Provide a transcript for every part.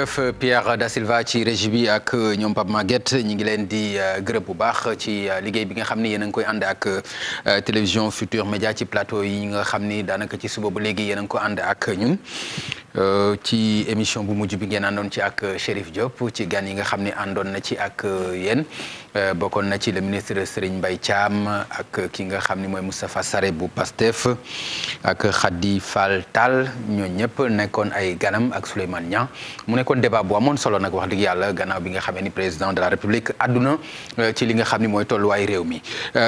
jërëjëf Pierre Da Silva ci régie bi ak ñom Pape Maguette ñi ngi leen di euh, gërëm bu baax ci euh, liggéey bi nga xam ni yéen a ngi koy ànd ak euh, télévision Futur Média ci plateau yi nga xam ni daanaka ci suba ba léegi yéen a ko ànd ak ñun. Euh, ci émission bu mujj bi ngeen àndoon ci ak euh, Chérif Diop ci gan yi nga xam ne àndoon na ci ak euh, yéen bokkoon na ci la ministre Serigne Mbaye caam ak ki nga xam ni mooy Moustapha Sarré bu Pastef ak Khady Fall Tall ñooñu ñëpp nekkoon ay ganam ak Souleymane ñaam mu nekkoon débat bu amoon solo nag wax dëgg yàlla gannaaw bi nga xamee ni président de la République àdduna ci li nga xam ne mooy tolluwaay réew mi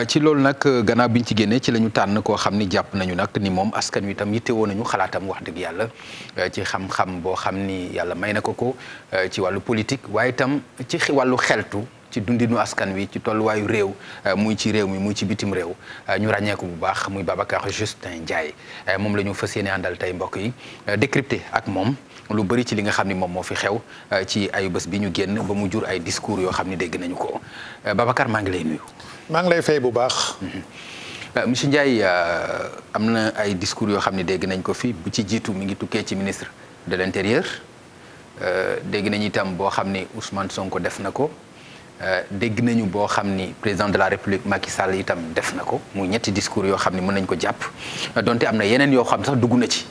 ci loolu nag bi biñ ci génnee ci la ñu tànn koo xam ni jàpp nañu nag ni moom askan wi itam yittewoo nañu xalaatam wax dëgg yàlla ci xam-xam boo xam ni yàlla may na ko ko euh, ci wàllu politique waaye itam ci wàllu xeltu ci dundinu askan wi ci tolluwaayu réew euh, muy ci réew mi muy ci bitim réew euh, ñu ràññeeku bu baax muy Babacar Justin Ndiaye moom la ñu fas yéene àndal tey mbokk yi décrypté ak moom lu bëri ci li nga xam ni moom moo fi xew ci ayu bés bi ñu génn ba mu jur ay discours yoo xam ni dégg nañu ko Babacar maa ngi lay nuyu. maa ngi lay fay bu baax. Mhm. Euh, monsieur Ndiaye euh, am na ay discours yoo xam ne dégg nañ ko fi bu ci jiitu mi ngi tukkee ci ministre de l'intérieur euh, dégg nañ itam boo xam ni Ousmane Sonko def na ko dégg nañu boo xam ni président de la république Macky Sall itam def na ko muy ñetti discours yoo xam ni mën nañ ko jàpp donte am na yeneen yoo xam sax dugg na ci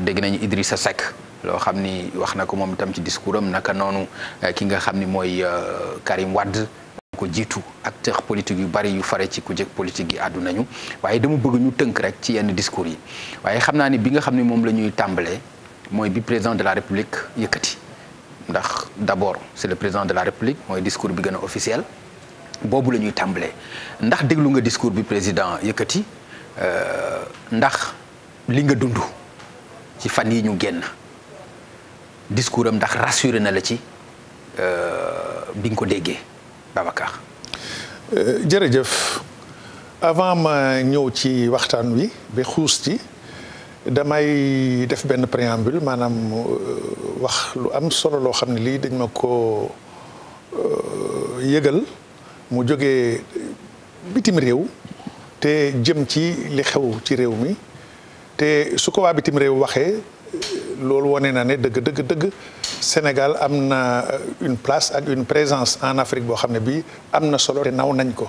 dégg nañu Idrissa Seck loo xam ni wax na ko moom itam ci discours am naka noonu ki nga xam ni mooy Karim Wade ko jiitu acteur politique yu bari yu fare ci ku jëkk politique yi àddu waaye dama bëgg ñu tënk rek ci yenn discours yi waaye xam naa ni bi nga xam ne moom la ñuy tàmbalee mooy bi président de la république yëkkati ndax d'abord c'est le président de la république mooy discours bi gën a officiel boobu la ñuy tàmbalee ndax déglu nga discours bi président yëkkati euh, ndax li nga dund ci fan yi ñu génn discours am ndax rassuré na la ci euh, bi nga ko déggee Babacar. Euh, jërëjëf avant ma ñëw ci waxtaan wi bi xuus ci damay def benn préambule maanaam euh, wax lu am solo loo xam ne lii dañ ma ko euh, yëgal mu jóge bitim réew te jëm ci li xew ci réew mi te su ko waa bitim réew waxee loolu wane na ne dëgg dëgg dëgg Sénégal am na euh, une place ak une présence en Afrique boo xam ne bii am na solo te naw nañ ko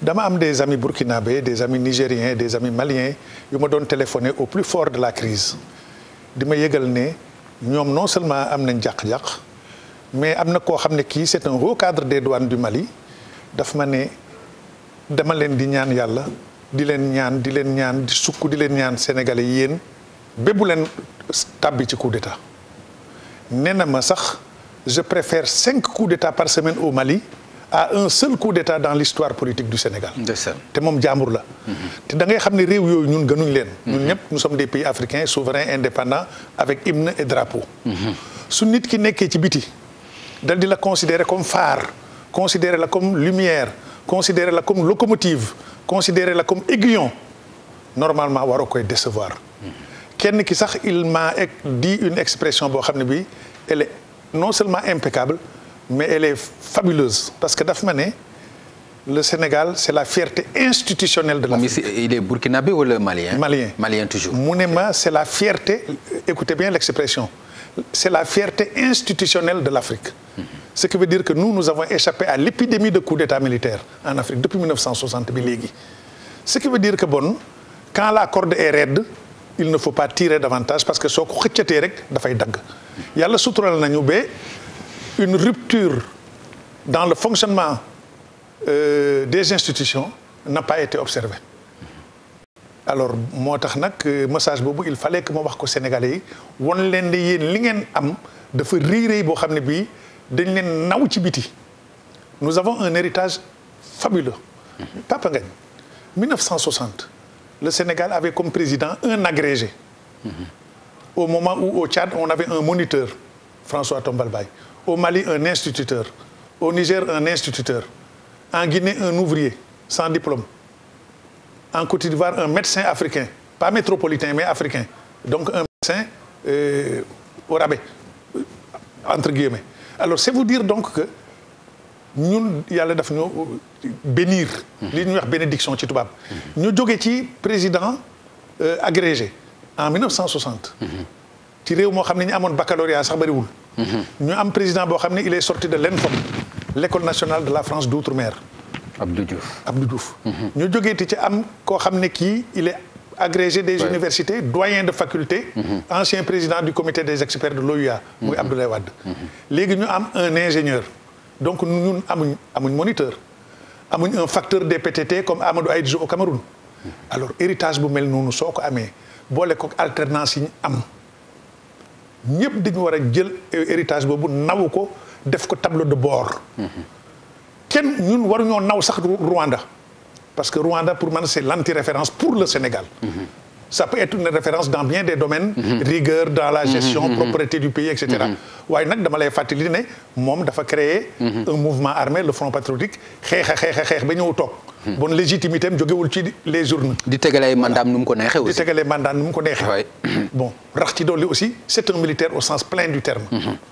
dama am des amis burkinabé des amis nigériens des amis maliens yu ma doon téléphoné au plus fort de la crise di ma yëgal ne ñoom non seulement am nañ jàq-jàq mais am na koo xam ne kii c'est un haut cadre des douanes du Mali daf ma ne dama leen di ñaan yàlla di leen ñaan di leen ñaan di sukk di leen ñaan sénégalais yéen bébu leen tàbbi ci coup d'état nee na ma sax je préfère cinq coups d'état par semaine au Mali à un seul coup d'état dans l'histoire politique du Sénégal te moom jàmbur la mhm. te da ngay xam ne réew yooyu ñun gënuñ leen ñun ñëpp nous sommes des pays africains souverains indépendants avec hymne et drapeau mhm. su nit ki nekkee ci biti dal di la considérer comme phare considérer la comme lumière considérer la comme locomotive considérer la comme aiguillon normalement waroo koy décevoir kenn ki sax il m'a dit une expression boo xam ne bii elle est non seulement impeccable mais elle est fabuleuse parce que daf ma ne le Sénégal c'est la fierté institutionnelle de ah, l'Afrique. il est burkinabé ou le malien. malien malien toujours. mu ne ma c'est la fierté écoutez bien l'expression c'est la fierté institutionnelle de l'Afrique. Mhm. ce qui veut dire que nous nous avons échappé à l'épidémie de coup d'état militaire en Afrique depuis 1960 bi léegi. ce qui veut que bon quand la corde est raide. il ne faut pas tirer davantage parce que soo ko xëccatee rek dafay dagg yàlla sutural nañu ba une rupture dans le fonctionnement euh, des institutions n'a pas été observée alors moo tax nag euh, message boobu il fallait que ma wax ko Sénégalais yi won leen ne yéen li ngeen am dafa rëy boo xam ne bii dañ leen naw ci biti nous avons un héritage fabuleux Papa Ngagne 1960 le Sénégal avait comme président un agrégé. Mhm. Au moment où au Tchad, on avait un moniteur, François Tombalbaye. Au Mali, un instituteur. Au Niger, un instituteur. En Guinée, un ouvrier sans diplôme. En Côte d'Ivoire, un médecin africain. Pas métropolitain, mais africain. Donc un médecin euh, au rabais, entre guillemets. Alors, c'est vous dire donc que ñun yàlla daf ñoo bénir. li ñuy wax bénédiction ci tubaab. ñu jóge ci président euh, agrégé en 1960. ci réew moo xam ne ñu amoon baccalauréat sax bariwul. ñu am président boo xam ne il est sorti de l'ENFOM l'école nationale de la France d'outre-mer. Abdou Diouf Abdou Diouf. Mhm. ñu jógeeti ci am koo xam ne kii il est agrégé des ouais. universités doyen de faculté. Mm -hmm. ancien président du comité des experts de l'OUA. muy mhm. Abdoulaye Wade. Mhm. léegi ñu am un ingénieur. donc ñun amuñ amuñ moniteur amuñ un facteur DPTT comme Amadou Ahidjo au Cameroun alors héritage bu mel noonu soo ko amee boole ko alternance yi ñu am ñëpp dañu war a jël héritage boobu naw ko def ko tableau de bord kenn ñun waruñoo naw sax Rwanda parce que Rwanda pour man c'est l'anti-référence pour le Sénégal ça peut être une référence dans bien des domaines mhm. rigueur dans la mhm. gestion mhm. propreté du pays et waaye nag dama lay fàttali ne moom dafa créer un mouvement armé le front patriotique xeex a xeex ba ñëw toog bon légitimité am jógewul ci les urnes di tegalee mandaam nu ko neexee bon rax ci dolli aussi c'est un militaire au sens plein du terme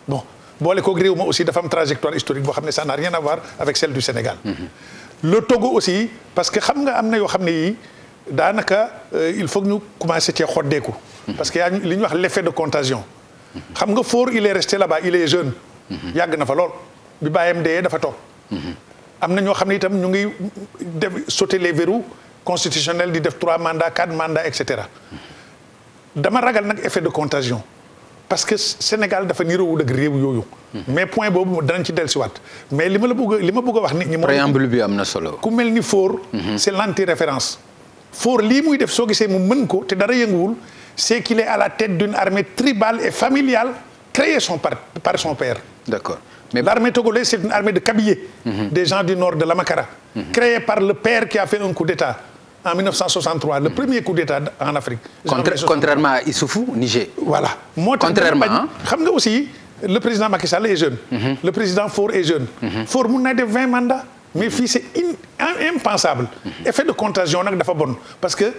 bon boole koog réew aussi dafa am trajectoire historique boo xam ne ça n'a rien à voir avec celle du Sénégal le Togo aussi parce na yoo xam daanaka euh, il faut ñu commencé cee xoddeeku. Mhm. parce que yaa li ñuy wax l'effet de contagion. Mhm. xam nga Faure il est resté là il est jeune. Mhm. yàgg na fa lool bi bàyyam dee dafa toog. am na ñoo xam ne itam ñu ngi def sauter les verrous constitutionnels di def trois mandats quatre mandats et cetera. dama ragal nag effet de contagion. parce que Sénégal dafa niroowul ak réew yooyu. mais point boobu danañ ci dellusiwaat mais li ma la bëgg li ma bëgg wax nit ñi. préambule bi am na solo. ku mel ni Faure. c'est l'anti référence. Faure lii muy def soo gisee mu mën ko te dara yënguwul c'est qu'il est à la tête d'une armée tribale et familiale créée par son père. mais l'armée togolaise c'est une armée de cabillés. Mm-hmm. des gens du nord de l'Amakara. Mm-hmm. créée par le père qui a fait un coup d'État en le mhm. premier coup d'État en Afrique. Contra contrairement à Issoufou Niger. voilà moo tax contrairement xam nga aussi le président Macky Sall est jeune. Mm-hmm. le président Faure est jeune. Mhm. Faure mun na def vingt mais fii c'est in impensable mhm. effet de contagion nag dafa bon parce que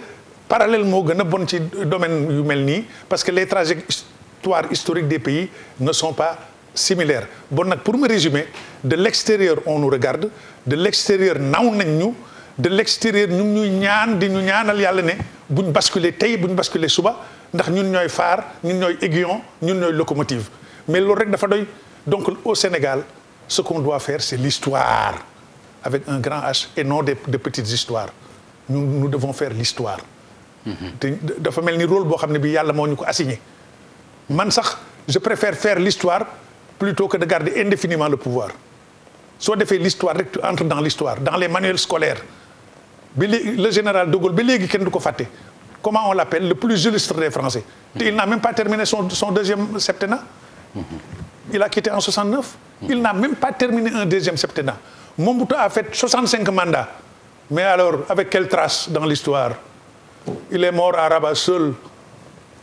parallèle moo gën a bon ci domaine yu mel nii parce que les trajectoires historiques des pays ne sont pas similaires bon nag pour me résumer de l'extérieur on nous regarde de l'extérieur naw nañ ñu de l'extérieur ñu ñuy ñaan di ñu ñaanal yàlla ne buñ basculer tey bu ñu basculer suba ndax ñun ñooy phare ñu ñooy aiguillon ñun ñooy locomotive mais loolu rek dafa doy donc au Sénégal ce qu'on doit faire c'est avec un grand H et non des de petites histoires ñun devons faire l'histoire dafa mel ni rôle boo xam ne bii yàlla moo ni ko assigné man sax je préfère faire l'histoire plutôt que de garder indéfiniment le pouvoir soo defee l'histoire rek tu entres dans l'histoire dans les manuels scolaires bi léegi le général de Gaulle bi léegi kenn du ko fàtte comment on l'appelle le plus illustre des Français te il n'a même pas terminé son son deuxième septennat mm-hmm. il a quitté en 69 il n'a même pas terminé un deuxième Mobutu a fait cinq mandats. Mais alors, avec quelle trace dans l'histoire Il est mort à Rabat seul,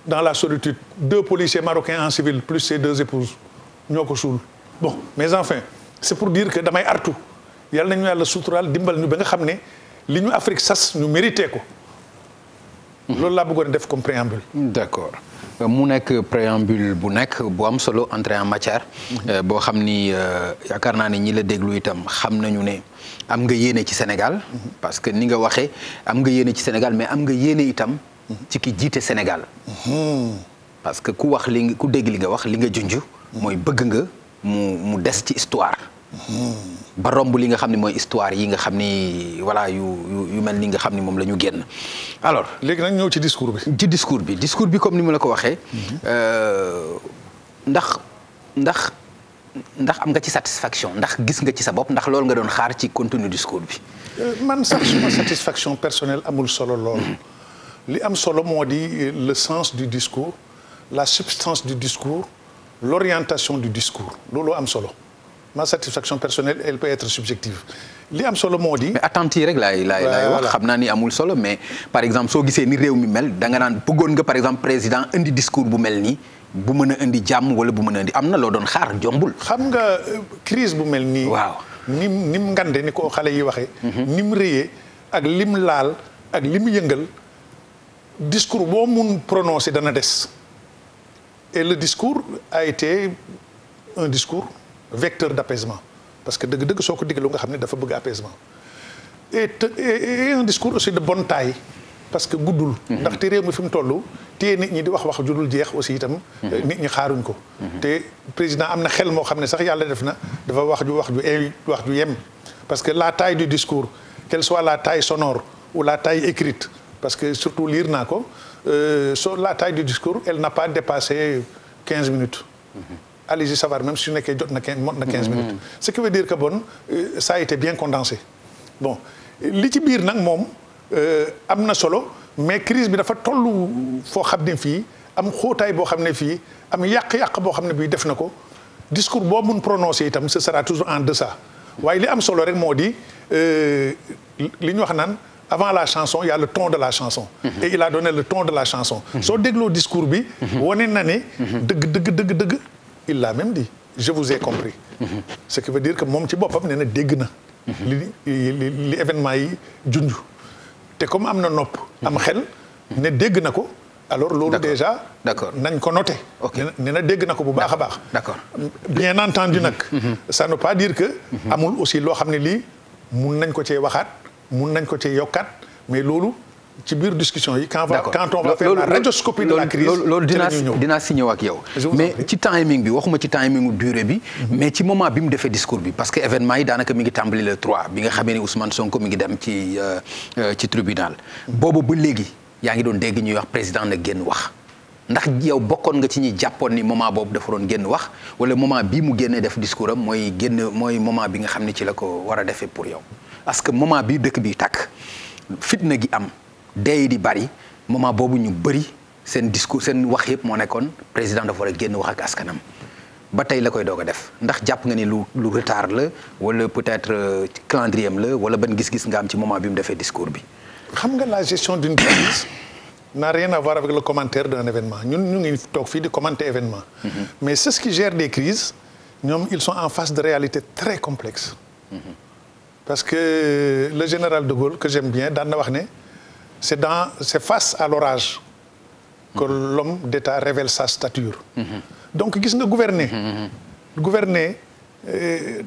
dans la solitude. Deux policiers marocains en civil, plus ses deux épouses. ñoo ko suul bon mais enfin c'est pour dire que damay artu yàlla nañu yàlla suturaal dimbal ñu ba nga xam ne li ñu Afrique sas ñu mérité ko. loolu laa bëggoon def comme préambule. d'accord. mu nekk préambule bu nekk bu am solo entrée en matière. Mhm. Euh, boo xam ni euh, yaakaar naa ne ñi la déglu itam xam nañu ne am nga yéene ci Sénégal. Mhm. parce que ni nga waxee am nga yéene ci Sénégal mais am nga yéene itam. Mhm. ci ki jiite Sénégal. parce que ku wax li ku dégg li nga wax li nga junju mooy bëgg nga mu mu des ci histoire. ba romb li nga xam ne mooy histoire yi nga xam ni voilà yu yu mel ni nga xam ni moom la ñu génn alors. léegi nag ñëw ci discours bi. ci discours bi discours bi comme ni ma la ko waxee. Mhm. Euh, ndax ndax ndax am nga ci satisfaction ndax gis nga ci sa bopp ndax loolu nga doon xaar ci contenu discours bi. Euh, man sax suma satisfaction personnel amul solo lool. Mhm. li am solo moo di euh, le sens du discours la substance du discours l'orientation du discours looloo am solo. ma satisfaction personnelle elle peut être subjective li am solo moo di. mais attente rek laay laay wax xam naa ni amul solo mais par exemple soo gisee ni réew mi mel danga naan bëggoon nga par exemple président indi discours bu mel nii bu mën a indi jàmm wala bu mën a indi am na loo doon xaar jombul. xam nga euh, crise bu mel nii. waaw ni ni mu ngande ni ko xale yi waxee. Mhm. ni mu rëyee ak lim laal ak li mu yëngal discours boo mun prononcé dana des et le discours a été un discours. vecteur d'apaisement parce que dëgg-dëgg soo ko digg lu nga xam ne dafa bëgg apaisement et et un discours aussi de bonne taille parce que guddul. Mhm. ndaxte réew mi fi mu toll téye nit ñi di wax wax ju dul jeex aussi itam. Mhm. nit ñi xaaruñ ko. Mhm. te président am na xel moo xam ne sax yàlla def na dafa wax ju wax ju eewi wax ju yem. parce que la taille du discours qu'elle soit la taille sonore ou la taille écrite parce que surtout liir naa ko euh, sur la taille du discours el n'a pas dépassé quinze minutes. allégé Savard même su nekkee jot na quinze mot na quinze minutes. ce qui veut dire que bon euh, ça été bien condensé bon li ci biir nag moom euh, am na solo mais crise bi dafa tollu foo xam ne fii am xootaay boo xam ne fii am yàq-yàq boo xam ne bii def na ko discours boo mun prononcé itam ce sera toujours en deçà waaye li am solo rek moo di euh, li ñu wax naan. avant la chanson il y le ton de la chanson. Mm-hmm. et il a donné le ton de la chanson. Mm-hmm. soo dégloo discours bi. Mm-hmm. wane na dëgg dëgg. il l'a même dit je vous ai compris. ce qui veut dire que moom ci boppam nee na dégg na. li li li événement yi junj. te comme am na nopp. am xel ne dégg na ko. alors loolu déjà. d'accord nañ ko noté. ok nee na dégg na ko bu baax a baax. d'accord bien entendu nag. Mhm. Mhm. ça ne veut pas dire que. amul aussi loo xam ne lii mun nañ ko cee waxaat mun nañ ko cee yokkaat mais loolu. ci biir discussion yi. quand on va faire la radioscopie de la crise loolu dinaa dinaa si ñëw ak yow. mais ci timing bi waxuma ci timing durée bi. Mhm. mais ci moment bi mu defee discours bi parce que événement yi daanaka mi ngi tàmbali le 3 bi nga xamee ni Ousmane Sonko mi ngi dem ci euh, euh, tribunal. Mhm. boobu ba léegi yaa ngi doon dégg ñuy wax président na génn wax. ndax yow bokkoon nga ci ñi jàppoon ni moment boobu dafa doon génn wax wala moment bi mu génnee def discours am mooy génn mooy moment bi nga xam ne ci la ko war a defee pour yow. parce que moment bii dëkk bi tàkk fitna gi am. dee di bari moment boobu ñu bëri seen discours seen wax yëpp moo nekkoon président dafa war a génn wax ak askanam ba tey la koy doog a def ndax jàpp nga ni lu lu retard la wala peut-être euh, calendrier am la wala ban gis-gis nga am ci moment bi mu defee discours bi. xam nga la gestion d'une crise n'a rien à voir avec le commentaire d'un événement ñu ngi toog fii di commenter événement. Mhm. mais ceux qui gèrent des crises ñoom ils sont en face de réalités très complexes. Mhm. que euh, le général de Gaulle bien daan na wax ne. c'est dans c'est face à l'orage que l'homme d'État révèle sa stature mm-hmm. donc gis nga gouverner mm-hmm, mm-hmm. gouverner euh,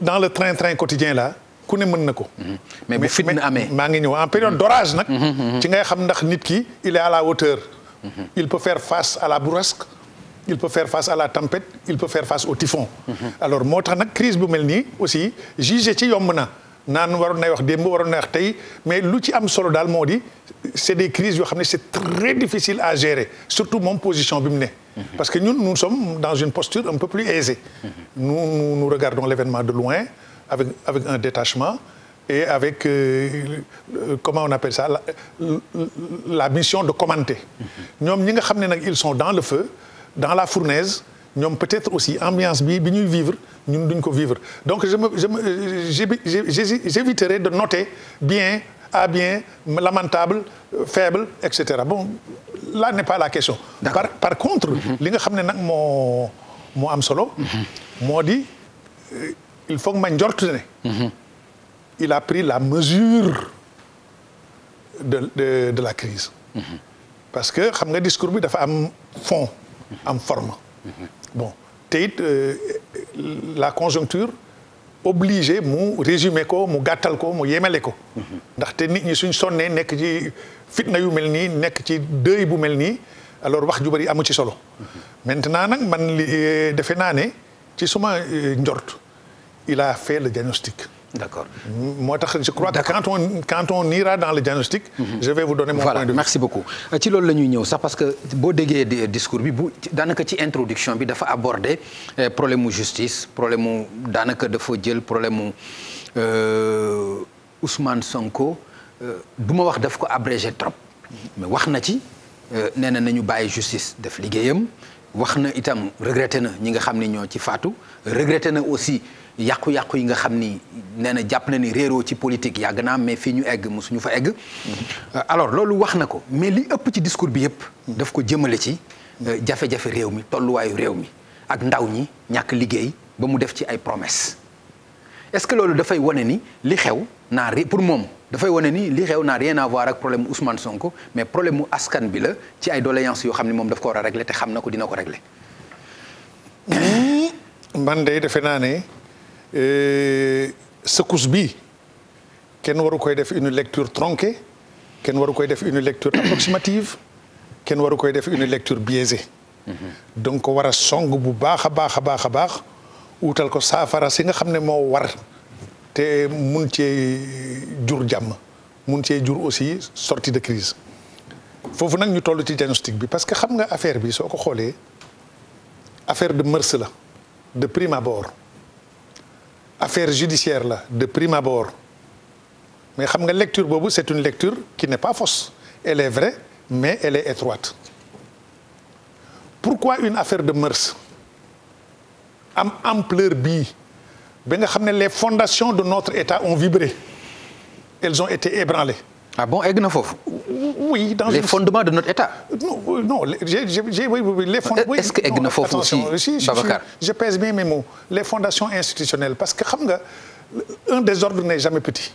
dans le train-train quotidien la ku ne mën na ko mais bu fitna amee maa ngi ñëw en période d'orage nag ci ngay xam ndax nit ki il est à la hauteur il peut faire face à la bourrasque il peut faire face à la tempête il peut faire face au typhon alors moo tax nag crise bu mel nii aussi juger ci yomb na naan waroon na wax démb waroon nay wax tey mais lu ci am solo daal moo di c'est des crises yoo xam ne c'est très difficile à gérer surtout moom position bi mu parce que ñun nous sommes dans une posture un peu plus aisée. nous nous, nous regardons l'événement de loin avec avec un détachement. et avec euh, euh, comment on appelle ça la, la mission de commenter. ñoom ñi nga xam ne nag ils sont dans le feu dans la fournaise ñoom peut-être aussi ambiance bi bi ñuy vivre ñun duñ ko vivre donc je me je me j'éviterai de noter bien à bien lamentable faible et cetera bon là n'est pas la question. par par contre. Mm-hmm. li nga xam ne nag moo moo am solo. Mm-hmm. moo di euh, il faut ma njort ne. Mm-hmm. il a pris la mesure de de de la crise. parce que xam nga discours bi dafa am fond am forme. bon te it euh, la conjoncture obligé mu résumer ko mu gàttal ko mu yemale ko. ndaxte nit ñi suñ sonnee nekk ci fitna yu mel nii nekk ci dëy bu mel nii alors wax ju bari amu ci solo. maintenant nag man li euh, defe naa ne ci suma euh, njort il a fait le diagnostic. D'accord. Moi, je crois que quand on, quand on ira dans le diagnostic, mm -hmm. je vais vous donner mon voilà, de vue. Merci Ci loolu la ñuy ñëw sax parce que boo déggee discours bi bu daanaka ci introduction bi dafa aborder eh, problème mu justice problème mu daanaka dafa jël problème mu euh, Ousmane Sonko euh, du ma wax daf ko abrégé trop mais wax na ci euh, nee na nañu bàyyi justice def liggéeyam wax na itam regretté na ñi nga xam ne ñoo ci faatu regretté na aussi. yàqu-yàqu yi nga xam ni nee na jàpp na ni réeroo ci politique yàgg naa mais fii ñu egg mosuñu fa egg. Euh, alors loolu wax na ko mais li ëpp ci discours bi yëpp. daf ko jëmale ci euh, jafe-jafe réew mi tolluwaayu réew mi ak ndaw ñi ñàkk liggéey ba mu def ci ay promesse est-ce que loolu dafay wane ni li xew naa pour moom dafay wane ni li xew naa rien à voir ak problème mu Ousmane Sonko mais problème mu askan bi la ci ay doléances yoo xam ne moom daf ko war a régler te xam na ko dina ko régler. Hmm? Euh, secousse bi kenn waru koy def une lecture tronquée kenn waru koy def une lecture approximative kenn waru koy def une lecture biaisée. Mhm. donc ko war a song bu baax a baax a baax a baax wuutal ko saafara si nga xam ne moo war te mun cee jur jàmm mun cee jur aussi sorti de crise foofu nag ñu toll ci diagnostic bi parce que xam nga affaire bi soo ko xoolee affaire de mœurs la de prime abord affaire judiciaire la de prime abord mais xam nga lecture boobu c'est une lecture qui n'est pas fausse elle est vraie mais elle est étroite pourquoi une affaire de mœurs am ampleur bi ba nga xam ne les fondations de notre État ont vibré elles ont été ébranlées ah bon egg na foofu. oui dans les de notre État. non non j'ai j'ai oui, oui, les fond. Oui, est-ce que egg na foofu aussi Babacar je, je pèse bien mes mots les parce que xam nga un désordre n'est jamais petit.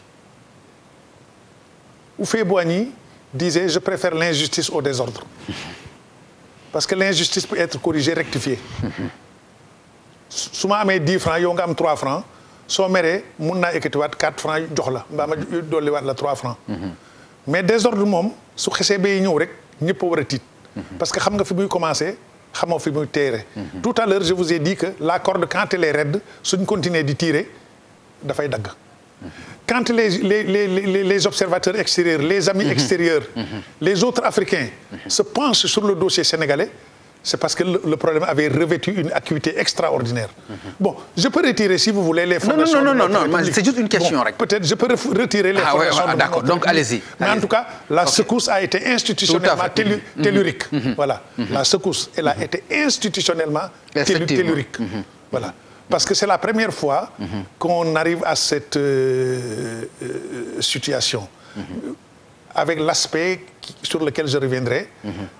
Houphouët-Boigny disait je préfère l'injustice au désordre parce que l'injustice peut être corrigée rectifiée. su ma amee dix francs yow nga am trois francs soo meree mun naa ekkatiwaat quatre francs jox la mbaa ma dolliwaat la trois francs. mais désordre moom su xesee bay ñëw rek ñëpp a war a tiit. Mhm. parce que xam nga fi muy commencé xamoo fi muy teere. Mhm. tout à l'heure je vous ai dit que la corde quand red est raide suñ continuer di tirer dafay dagg. Mhm. quand les les les les observateurs extérieurs les amis extérieurs. les autres africains. se penchent sur le dossier sénégalais. c'est parce que le problème avait revêtu une acuité extraordinaire. Bon, je peux retirer, si vous voulez, les fondations. Non, non, non, non, c'est juste une question. peut-être, je peux retirer les ah, fondations. Ah, d'accord, donc allez-y. Mais en tout cas, la secousse a été institutionnellement mm-hmm. tellurique. Mm-hmm. Mm-hmm. Voilà, la secousse, elle a été institutionnellement tellurique. Voilà. Parce que c'est la première fois qu'on arrive à cette euh, euh, situation. Avec l'aspect sur lequel je reviendrai,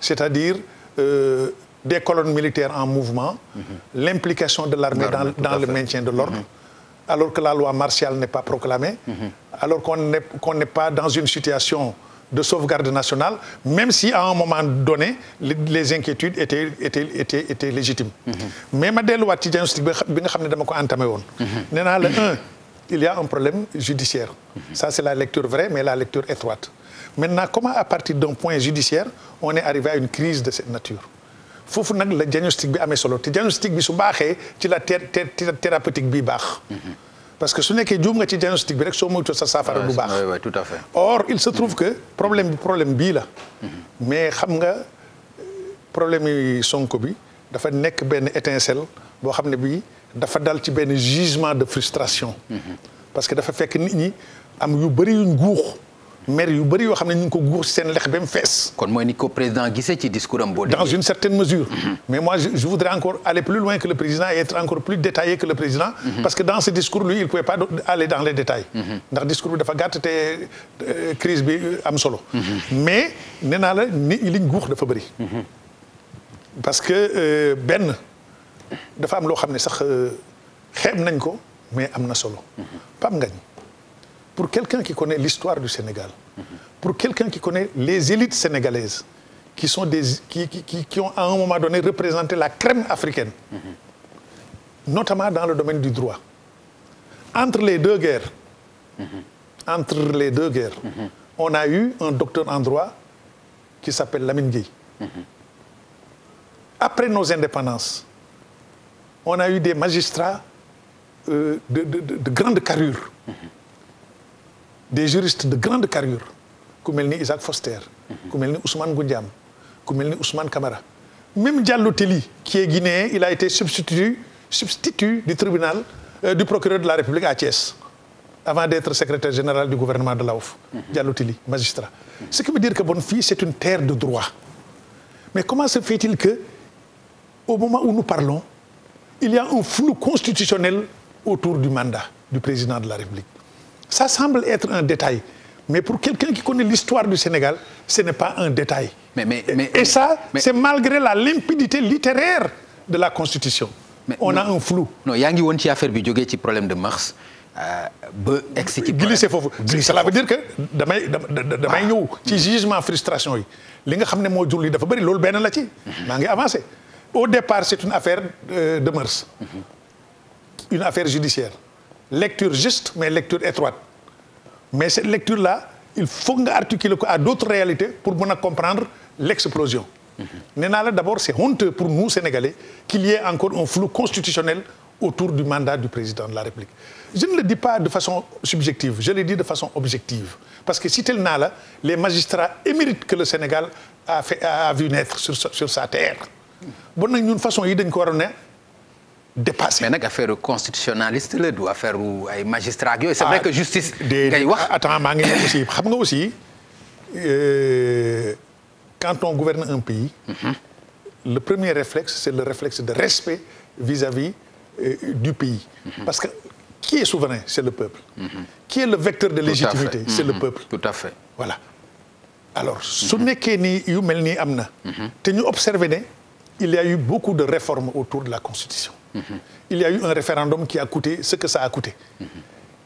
c'est-à-dire euh, des colonnes militaires en mouvement. Mhm. l'implication de l'armée dans dans le maintien de l'ordre mhm. alors que la loi martiale n'est pas proclamée. Mhm. alors qu'on n'est qu'on n'est pas dans une situation de sauvegarde nationale même si à un moment donné les inquiétudes étaient étaient étaient étaient légitimes. mais ma delluwaat ci diagnostic bi nga xam ne dama ko entamé woon. nee naa la un il y a un problème judiciaire. ça c'est la lecture vraie mais la lecture étroite. maintenant comment à partir d'un point judiciaire on est arrivé à une foofu nag la diagnostic bi amee solo te diagnostic bi su baaxee ci la thérapeutique bi baax. parce que su nekkee juum nga ci diagnostic bi rek soo moytuwul sa saafara du baax. oui oui tout or il se trouve que problème bi problème bii la. mais xam nga problème yi Sonko bi dafa nekk benn étincelle boo xam ne bii dafa dal ci benn jugement de frustration. Mhm. parce que dafa fekk nit ñi am yu bëri yuñ guux. mais yu bari yoo xam ne ñu ko guur seen lex ba fees. kon mooy ni ko président gisee ci discours am boo. dans une certaine mesure. Mhm. mais moi je voudrais encore aller plus loin que le président et être encore plus détaillé que le président. Mhm. parce que dans ce discours lui il pouvait pas aller dans les détails. Mhm. ndax discours bi dafa gàtt te euh, crise bi euh, am solo. mais nee naa la ni liñ guux dafa bëri. parce que euh, benn dafa am loo xam ne sax xeeb nañ ko mais am na solo. pam pour quelqu'un qui connaît l'histoire du Sénégal, pour quelqu'un qui connaît les élites sénégalaises, qui, sont des, qui, qui, qui, ont à un moment donné représenté la crème africaine, notamment dans le domaine du droit. Entre les deux guerres, entre les deux guerres, on a eu un docteur en droit qui s'appelle Lamine Gueye. Après nos indépendances, on a eu des magistrats euh, de, de, de, grande carrure. des juristes de grande carrure ku mel ni Isaac Foster ku mel ni Ousmane Goundiam ku mel ni Ousmane Camara même Diallo Telli qui est guinéen il a été substitut substitut du tribunal euh, du procureur de la République à Thiès avant d'être secrétaire général du gouvernement de l'AOF Diallo Telli magistrat ce qui veut dire que bon fii c'est une terre de droit mais comment se fait-il que au moment où nous parlons il y a un flou constitutionnel autour du mandat du président de la République Ça semble être un détail. Mais pour quelqu'un qui connaît l'histoire du Sénégal, ce n'est pas un détail. Mais, mais, mais, et ça, c'est malgré la limpidité littéraire de la Constitution. on non, a un flou. non ya ngi woon ci affaire bi jógee ci problème de mars. Euh, ba egg ci glissé foofu cela veut dire que damay damay ñëw ah. ci jugement frustration yi. li nga xam ne moo jur li dafa bëri loolu benn la ci. Mhm. maa ngi avancé. au départ c'est une affaire euh, de mœurs. Mhm. une affaire judiciaire. lecture juste mais lecture étroite mais cette lecture là il faut nga articuler ko à d'autres réalités pour mën a comprendre l'explosion mhm. nee na la d'abord c'est honteux pour nous Sénégalais qu'il y ait encore un flou constitutionnel autour du mandat du président de la République je ne le dis pas de façon subjective je le dis de façon objective parce que si tel naa la les magistrats émérites que le Sénégal a fait a vu naître sur sa, sur sa terre bon nag ñun façon yi dañ ko war ne dépassé. mais nag affaire constitutionnaliste la du affaire ay magistrat ak yooyu. c'est vrai ah, que justice. ngay wax ah, attends maa ngi ñëw aussi xam nga aussi euh, quand on gouverne un pays. Mhm. le premier réflexe c'est le réflexe de respect vis-à-vis euh, du pays. Mhm. parce que qui est souverain c'est le peuple. Mhm. qui est le vecteur de légitimité c'est le peuple. tout à fait voilà. alors su nekkee ni yu mel nii am na. te ñu observé ne il y a eu beaucoup de réformes autour de la constitution. Mm-hmm. il y eu un référendum qui a coûté ce que ça a coûté. Mm-hmm.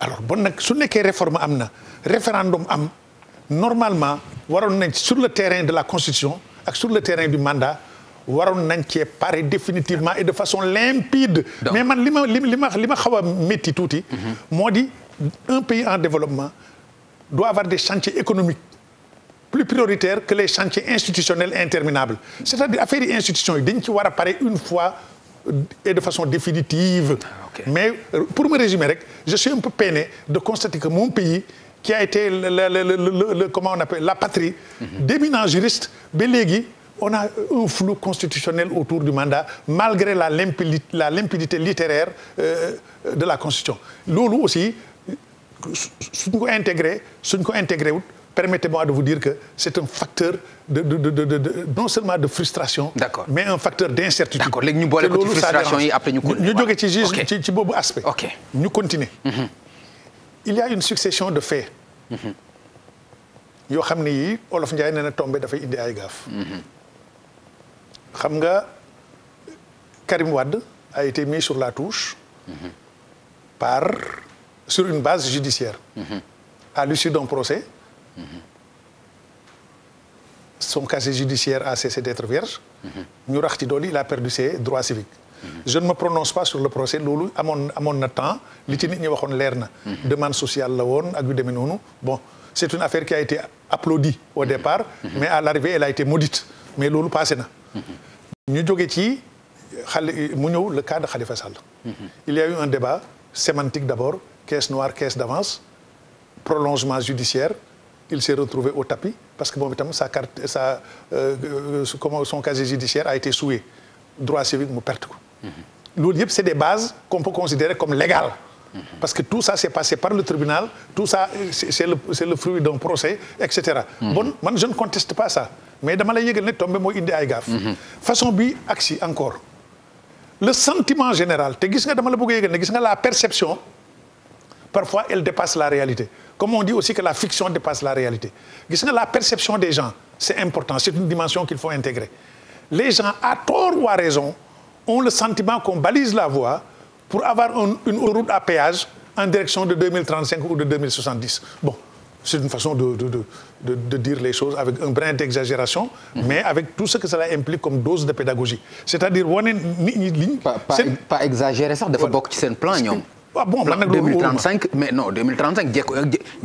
alors bon nag su nekkee réforme am na référendum am normalement waroon nañ ci sur le terrain de la constitution ak sur le terrain du mandat waron nañ cee pare définitivement et de façon limpide. Donc. mais man li ma li ma li ma xaw a métti tuuti. Mm-hmm. moo di un pays en développement doit avoir des chantiers économiques plus prioritaires que les chantiers institutionnels interminables c'est-à-dire affaire yi institution ci war a pare fois. et de façon définitive. Ah, okay. Mais euh, pour me résumer rek je suis un peu peiné de constater que mon pays qui a été le, le, le, la patrie mm -hmm. d'éminents juristes ba léegi on a un flou constitutionnel autour du mandat malgré la limpidité, la limpidité littéraire euh, de la Constitution loolu aussi suñ ko intégré suñ ko intégré wut permettez-moi de vous dire que c'est un facteur de de, de de non seulement de frustration. mais un facteur d'incertitude. d'accord léegi ñu boole ko ci frustration yi après ñu. ñu jóge ci juste ci ci boobu aspect. ok ñu mhm. il y une succession de faits. Mhm. yoo xam ni yii Olof Ndiaye nee na tombé dafay indi ay gaaf. Mhm. xam nga Karim Wade a été mis sur la touche. par sur une base judiciaire. à l'issue d'un procès. Mhm. son casier judiciaire a cessé d'être vierge. Mhm. ñu rax ci dool yi il a perdu ses droits civiques. Mhm. je ne me prononce pas sur le procès loolu amoon amoon na temps li ci nit ñi waxoon leer na. demande sociale la woon ak yu demee noonu bon c' est une affaire qui a été applaudie au départ. mais à l'arrivée elle a été maudite mais loolu passé na. ñu jóge ci xale mu ñëw le cas de Khalifa Sall. il y a eu un débat sémantique d' abord caisse noire caisse d' avance prolongement judiciaire. il s'est retrouvé au tapis parce que moom itam sa carte sa euh, euh, comment son casier judiciaire a été souillé droit civique mu perte ko. Mhm. loolu yëpp c'est des bases qu'on peut considérer comme légales. Mhm. parce que tout ça s'est passé par le tribunal tout ça c'est le c'est le fruit d'un procès et cetera. Mhm. bon man je ne conteste pas ça mais dama lay yëgal ne tombé moo indi ay gaaf. façon bi agsi encore. le sentiment général te gis nga dama la bëgg a ne gis nga la perception parfois elle dépasse la réalité. comme on dit aussi que la fiction dépasse la réalité gis nga la perception des gens c'est important c'est une dimension qu'il faut intégrer les gens à tort ou à raison ont le sentiment qu'on balise la voie pour avoir un, une route à péage en direction de 2035 ou de 2070 bon c'est une façon de dire les choses avec un brin d'exagération. Mhm. mais avec tout ce que cela implique comme dose de pédagogie. c'est-à-dire wane nit ñi liñ. pas pas exagéré sax dafa bokk ci seen plan ñoom. waaw bon man nag 2035 mais non 2035 jékko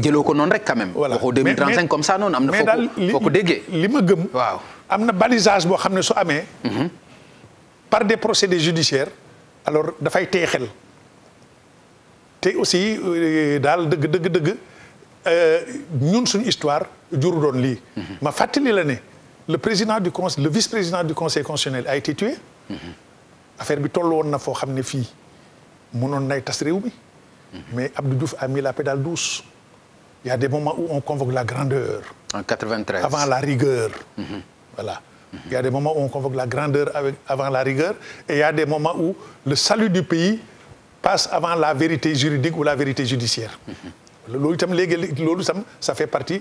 jëloo ko noonu rek quand même. voilà waxoo 2035 comme ça noonu am na. foo ko ko déggee li ma gëm. waaw am na balisage boo xam ne su amee. Mhm. par des procédés judiciaires alors dafay téye xel te aussi euh, daal dëgg dëgg dëgg euh, ñun suñu histoire juru doon lii. Mhm. ma fàttali la ne le président du conseil le vice président du conseil constitutionnel a été tué. Mhm. affaire bi toll woon na foo xam ne fii. mënoon nay tas réew mi mais Abdou Diouf a mis la pédale douce il y a des moments où on convoque la grandeur en 93 avant la rigueur mhm. voilà il y a des moments où on convoque la grandeur avec avant la rigueur et il y a des moments où le salut du pays passe avant la vérité juridique ou la vérité judiciaire mhm. loolu tam léegi loolu tam ça fait partie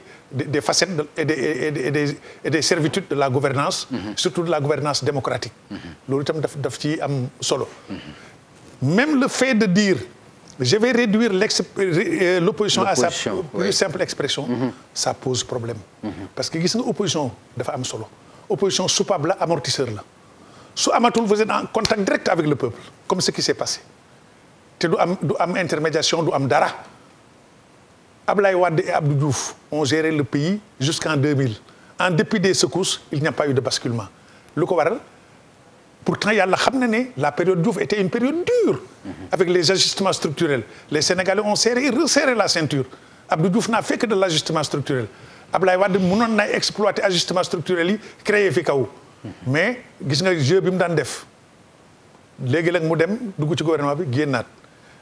des facettes et des et des et des servitudes de la gouvernance mhm. surtout de la gouvernance démocratique loolu itam daf daf ci am solo même le fait de dire je vais réduire euh, l'opposition à sa plus simple expression mhm. ça pose problème mhm. parce que gis nga opposition dafa am solo opposition soupape la amortisseur la su amatul vous êtes en contact direct avec le peuple comme ce qui s'est passé te du am du am intermédiation du am dara Ablaye Wade et Abdou Diouf on géré le pays jusqu'en 2000 en dépit des secousses il n'y a pas eu de basculement lu ko waral pourtant yàlla xam na ne la période Diouf était une période dure avec les ajustements structurels les Sénégalais ont serré et resserré la ceinture Abdou Diouf n'a fait que de l'ajustement structurel Ablaye Wade mënoon na exploiter ajustement structurel yi créé fi kaw mais gis nga jeu bi mu daan def léegi nag mu dem dugg ci gouvernement bi génnaat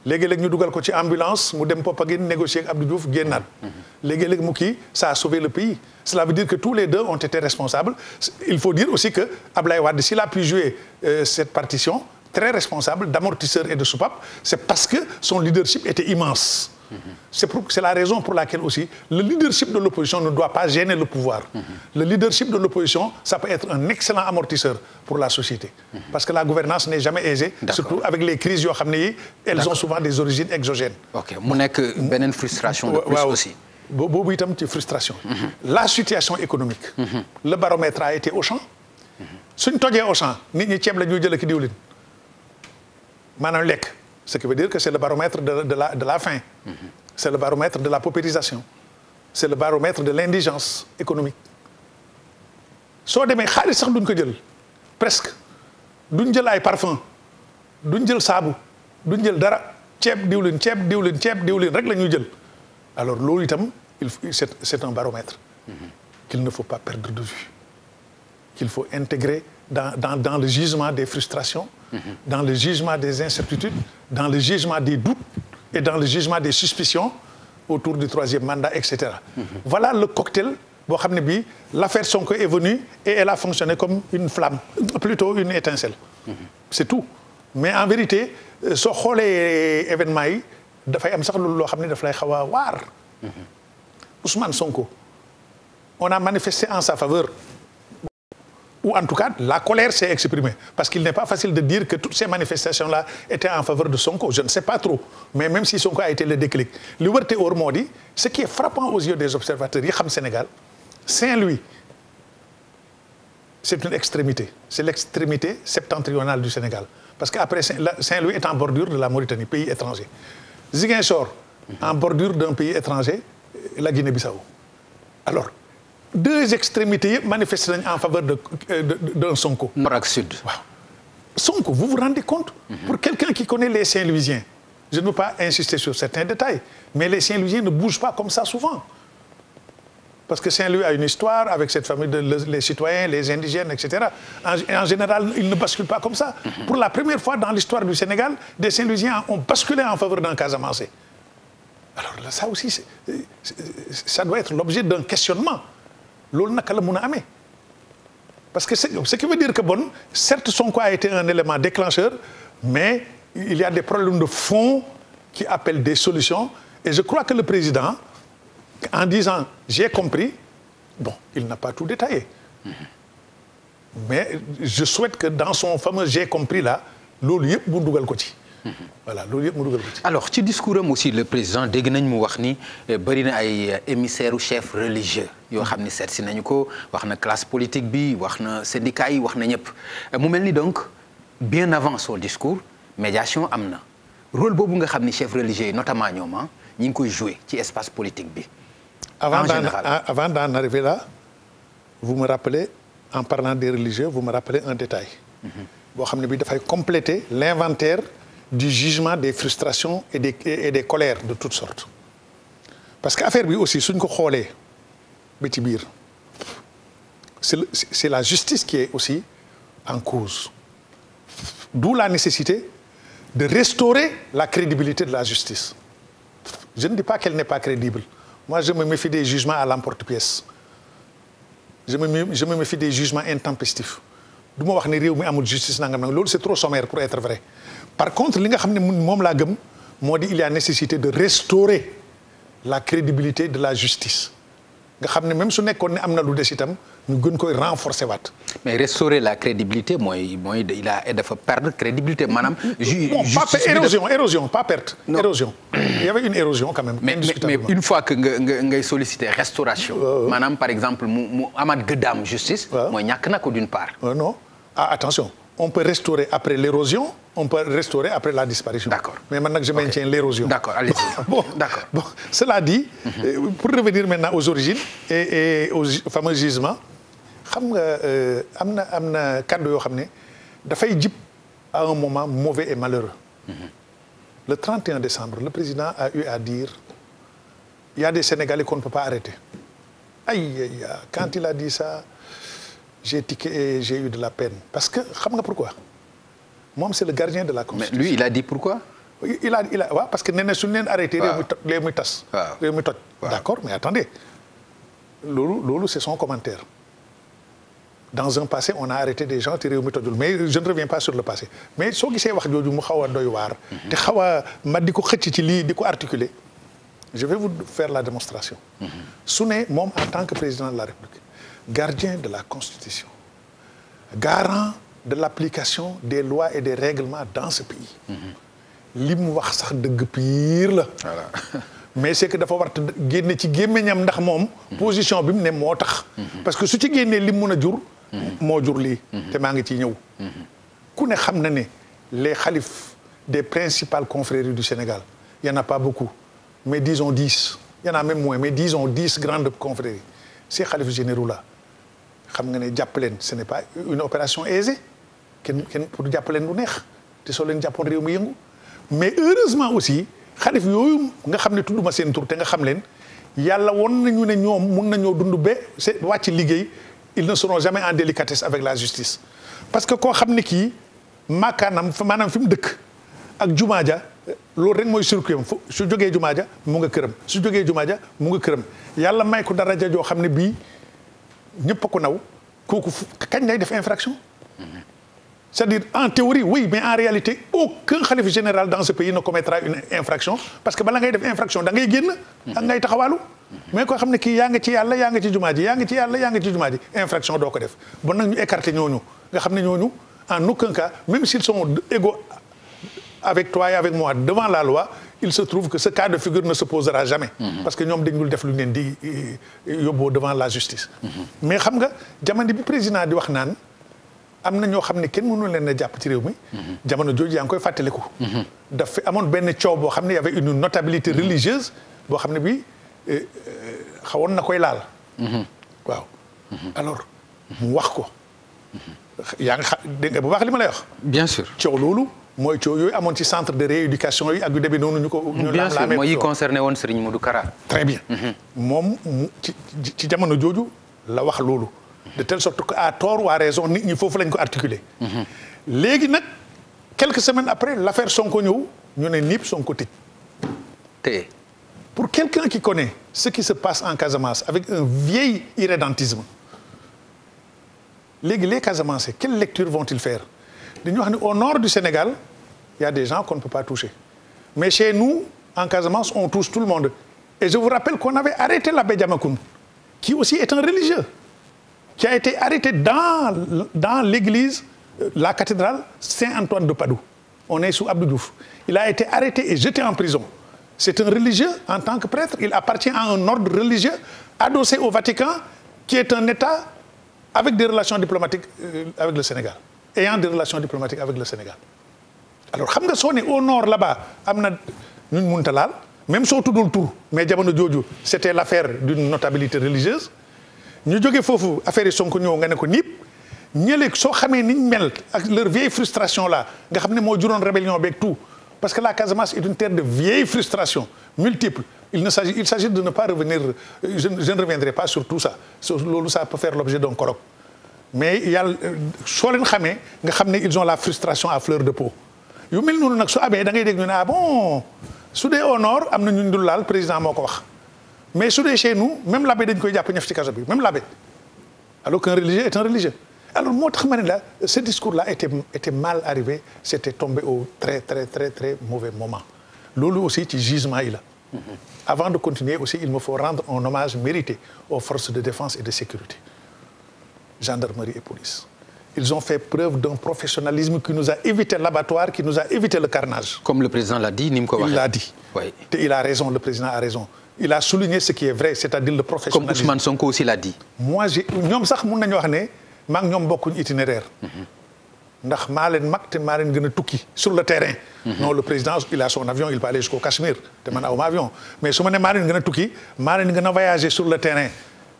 léegi-léeg ñu dugal ko ci ambulance mu dem Popenguine négocier ak Abdou Diouf génnaat mhm. léegi-léeg mu kii ça a sauvé le pays cela veut dire que tous les deux ont été responsables il faut dire aussi que Ablaye Wade s'il a pu jouer euh, cette partition très responsable d'amortisseur et de soupape c'est parce que son leadership était immense c'est pour c'est la raison pour laquelle aussi le leadership de l'opposition ne doit pas gêner le pouvoir le leadership de l'opposition ça peut être un excellent amortisseur pour la société parce que la gouvernance n'est jamais aisée surtout avec les crises yoo xam ne yi elles ont souvent des origines exogènes ok mu nekk beneen frustration de plus aussi boobu itam ti frustration mhm. la situation économique mhm. le baromètre a été au champ mhm. suñ tojee au champ nit ñi ceeb la ñuy jël ak diwlin maanaam lekk Ce qui veut dire que c'est le baromètre de, de, la, de la, faim, mmh. c'est le baromètre de la paupérisation, c'est le baromètre de l'indigence économique. soo demee xaalis sax duñ ko jël presque duñ jël ay parfum duñ jël saabu duñ jël dara ceeb diwlin ceeb diwlin ceeb diwlin rek la ñuy jël alors loolu itam il c'est un baromètre mm-hmm. qu'il ne faut pas perdre de vue qu'il faut intégrer dans, dans, dans le jugement des frustrations, mm -hmm. dans le jugement des incertitudes, dans le jugement des doutes et dans le jugement des suspicions autour du troisième mandat, etc. Mm -hmm. Voilà le cocktail. boo xam ne bi l'affaire Sonko est venue et elle a fonctionné comme une flamme plutôt une étincelle mm -hmm. c'est tout mais en vérité euh, soo xoolee événement yi dafay am sax loolu loo xam ne daf lay xaw a waar mhm. Ousmane Sonko on a manifesté en sa faveur ou en tout cas la colère s'est exprimée parce qu'il n'est pas facile de dire que toutes ces manifestations là étaient en faveur de Sonko je ne sais pas trop mais même si Sonko a été le déclic li wër ce qui est frappant aux yeux des observateurs yi xam Sénégal Saint-Louis c'est une extrémité c'est l'extrémité septentrionale du Sénégal parce que après Saint-Louis est en bordure de la Mauritanie pays étranger Ziguinchor en bordure d'un pays étranger la Guinée-Bissau alors deux extrémités yëpp nañ en faveur de euh, d'un Sonko. nord ak sud. waaw Sonko vous vous rendez compte. Mhm. pour quelqu'un qui connaît les Saint-Louisiens. je ne veux pas insister sur certains détails mais les Saint-Louisiens ne bougent pas comme ça souvent. parce que Saint-Louis a une histoire avec cette famille de les citoyens les indigènes etc en, en général ils ne basculent pas comme ça. Mhm. pour la première fois dans l'histoire du Sénégal des Saint-Louisiens ont basculé en faveur d'un Casamance. alors là, ça aussi c'est, ça loolu naka la mun a amee parce que ce qui veut dire que bon certes Sonko a été un élément déclencheur mais il y a des problèmes de fond qui appellent des solutions et je crois que le président en disant j'ai compris bon il n'a pas tout détaillé mm-hmm. mais je souhaite que dans son fameux j'ai compris là loolu yëpp mu dugal ko ci voilà loolu yëpp mu dugal ko ci. alors ci discours am aussi le président dégg nañ mu wax ni eh, bëri na ay euh, émissaires chef religieux yoo xam ni seet si nañu ko wax na classe politique bi wax na syndicat yi wax na ñëpp euh, mu mel ni donc bien avant son discours médiation am na rôle boobu nga xam ni chef religieux yi notamment ñoom ah ñi ngi koy jouer ci espace politique bi. en général avant d'en arriver là vous me rappelez en parlant de religieux vous me rappelez un détail. Mhm. boo xam ne bi dafay compléter l'inventaire du jugement des frustrations et des et des colères de toutes sortes parce que affaire bi aussi suñ ko xoolee ba ci biir c'est c'est la justice qui est aussi en cause d'où la nécessité de restaurer la crédibilité de la justice je ne dis pas qu'elle n'est pas crédible moi je me méfie des jugements à l'emporte-pièce je me je me méfie des jugements intempestifs du ma wax ne réew mi amul justice nangam nag loolu c'est trop sommaire pour être vrai par contre li nga xam ne moom laa gëm moo di il y a nécessité de restaurer la crédibilité de la justice nga xam ne même su nekkoon ne am na lu desitam itam ñu gën koy renforcer waat. mais restaurer la crédibilité mooy mooy il a dafa perdre crédibilité maanaam. Mm-hmm. ju érosion érosion pas perte. érosion il y avait une érosion quand même. mais mais une fois que nga nga ngay solliciter restauration. Euh, euh. maanaam par exemple mu mu amaat gëddaam justice. mooy ñàkk na ko d'une part. Euh, non ah attention. on peut restaurer après l'érosion on peut restaurer après la disparition. d'accord mais man nag je maintiens okay. l'érosion. d'accord allez bon d'accord bon cela dit. Mm-hmm. pour revenir maintenant aux origines. et et aux fameux gisements. xam nga euh, am na am na kàddu yoo xam ne dafay jib à un moment mauvais et malheureux. Mm-hmm. le 31 décembre le président a eu à dire il y a des Sénégalais qu'on ne peut pas arrêter. aïe aïe quand il a dit ça. j'ai tiqué et j'ai eu de la peine. Parce que, xam nga pourquoi moom c'est le gardien de la Constitution. Mais lui, il a dit pourquoi il a il a waaw parce que nee na suñu leen arrêté. waaw toj. d'accord mais attendez loolu loolu c'est son commentaire. dans un passé on a arrêté des gens te réew mi tojul mais je ne reviens pas sur le passé mais soo gisee wax jooju mu xaw a doy waar. Mhm. te xaw a ma di ko xëcc ci lii di ko articuler je vais vous faire la démonstration. Mhm. su ne moom en tant que président la gardien de la Constitution, garant de l'application des lois et des règlements dans ce pays. Mhm. li mu wax sax dëgg piir la. mais c'est que dafa war génne ci gémmiñam ndax moom. Mhm. position bi mu ne moo tax. Mhm. parce que su ci génnee lim mun a jur. moo jur lii. te maa ngi ciy ñëw. ku ne xam na ne les xalif des principales confréries du Sénégal y en a pas beaucoup mais disons dix y en a même moins mais disons dix grande confréries ces xalif générou là xam nga ne jàpp leen ce n'est pas une opération aisée kenn kenn pour jàpp leen du neex te soo leen jàppoon réew mi yëngu mais heureusement aussi xalif yooyu nga xam ne tudduma seen tur te nga xam leen yàlla won nañu ne ñoom mun nañoo dund ba se wàcc liggéey ils ne seront jamais en délicatesse avec la justice parce que koo xam ne kii makkaanam maanaam fi mu dëkk ak jumaa ja loolu rek mooy circuit am su jógee jumaa ja mu nga këram su jógee jumaa ja mu nga këram yàlla may ko daraja joo xam ne bii ñëpp ko naw kooku kañ nay def infraction cest dire en théorie oui mais en réalité aucun xalif général dans ce pays ne commettra une infraction parce que bala ngay def infraction da ngay génn a ngay taxawaalu mais koo xam ne kii yaa ngi ci yàlla yaa ngi ci jumaa ji yaa ngi ci yàlla yaa ngi ci jumaa ji infraction doo ko def bon nag ñu écarté ñooñu nga xam ne ñooñu en aucun cas même s'ils sont égaux avec toi et avec moi devant la loi il se trouve que ce cas de figure ne se jamais. Mhm. parce que ñoom dañ dul def lu leen di eh, yóbboo devant la justice. Mhm. mais xam nga jamono bi président di wax naan am na ñoo xam ne kenn mënu leen a jàpp ci réew mi. Mhm. jamono jooju yaa ngi koy fàttaliku. daf fi amoon benn coow boo xam ne y avait une notabilité boo xam ne bi eh, eh, xawoon na koy laal. waaw alors mu wax ko. yaa ngi xa dégg nga bu baax li ma lay wax. bien sûr coow loolu. mooy coow yooyu amoon ci centre de rééducation yi ak yu demee noonu ñu ko. ñu la la mooy yi concerné woon Serigne Modou Kara. très bien mhm. moom ci ci jamono jooju la wax loolu. de telle sorte que à tort ou à raison nit ñi foofu lañ ko articuler mhm. léegi nag quelques semaines après l' Sonko ñëw ñu ne niip Sonko tëj. te pour quelqu'un qui connaît ce qui se passe en Casamance avec un vieil irrédentisme léegi les Casamançais quelle lecture vont-ils faire. dañu wax ne au nord du Sénégal il y a des gens qu'on ne peut pas toucher mais chez nous en Casamance on touche tout le monde et je vous rappelle qu'on avait arrêté l'abbé Diamacoune qui aussi est un religieux qui a été arrêté dans dans l'église euh, la cathédrale Saint-Antoine de Padoue on est sous Abdou Diouf il a été arrêté et jeté en prison c'est un religieux en tant que prêtre il appartient à un ordre religieux adossé au Vatican qui est un État avec des relations diplomatiques euh, Sénégal ayant des relations diplomatiques avec le Sénégal alors xam nga soo ne au nord là-bas am na ñun munta laal même soo tuddul tur mais jamono jooju c'était l'affaire d'une notabilité religieuse ñu jóge foofu affaire yi Sonko ñëw nga ne ko niip ñëleeg soo xamee niñ mel ak leur vieille frustration là nga xam ne moo juróon rébellion beeg tout parce que la Casamance est une terre de vieilles frustrations multiples il ne s'agit de ne pas revenir je, ne reviendrai pas mais yàlla soo leen xamee nga xam ne ils on la frustration à fleur de peau yu mel noonu nag su amee dangay ngay dégg ñu ne ah bon su dee au nord am na ñu dul laal président moo ko wax mais su dee chez nous même l'abbé dañ koy jàpp ñëf ci kaso bi même l'abbé alors qu'un religieux est un religieux alors moo tax ma ne la ce discours là était était mal arrivé c'était tombé au très très très mauvais moment loolu aussi ci gisement yi la mhm. avant de continuer aussi il me faut rendre un hommage mérité aux forces de défense de sécurité gendarmerie et police. Ils ont fait preuve d'un professionnalisme qui nous a évité l'abattoir, qui nous a évité le carnage. Comme le président l'a dit, ni mu ko dit. Oui. il a raison, le président a raison. Il a souligné ce qui est vrai, c'est-à-dire le professionnalisme. Comme Ousmane Sonko aussi l'a dit. Moi, j'ai ñoom sax mën nañu wax ne maa ngi ñoom bokkuñ itinéraire. Mhm. ndax maa mag te maa leen sur le terrain. Mhm. non le président il a son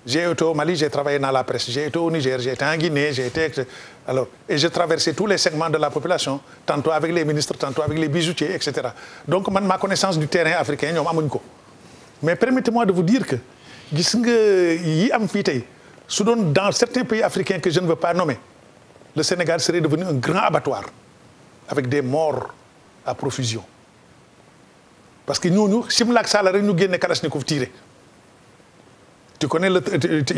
J'ai été au Mali, j'ai travaillé dans la presse, j'ai été au Niger, j'ai été tous les segments de la population, tantôt avec les ministres, tantôt avec les bijoutiers, etc. Donc, man, ma connaissance du terrain africain, ñoom amuñ ko. Mais permettez-moi de vous dire que gis nga yi am fii tey su doon dans certains pays africains que je ne veux pas nommer, le Sénégal serait devenu un grand abattoir avec des morts à profusion. Parce que ñooñu Shimla ak Saala rek ñu génne Kalachnikov tiré. tu connais le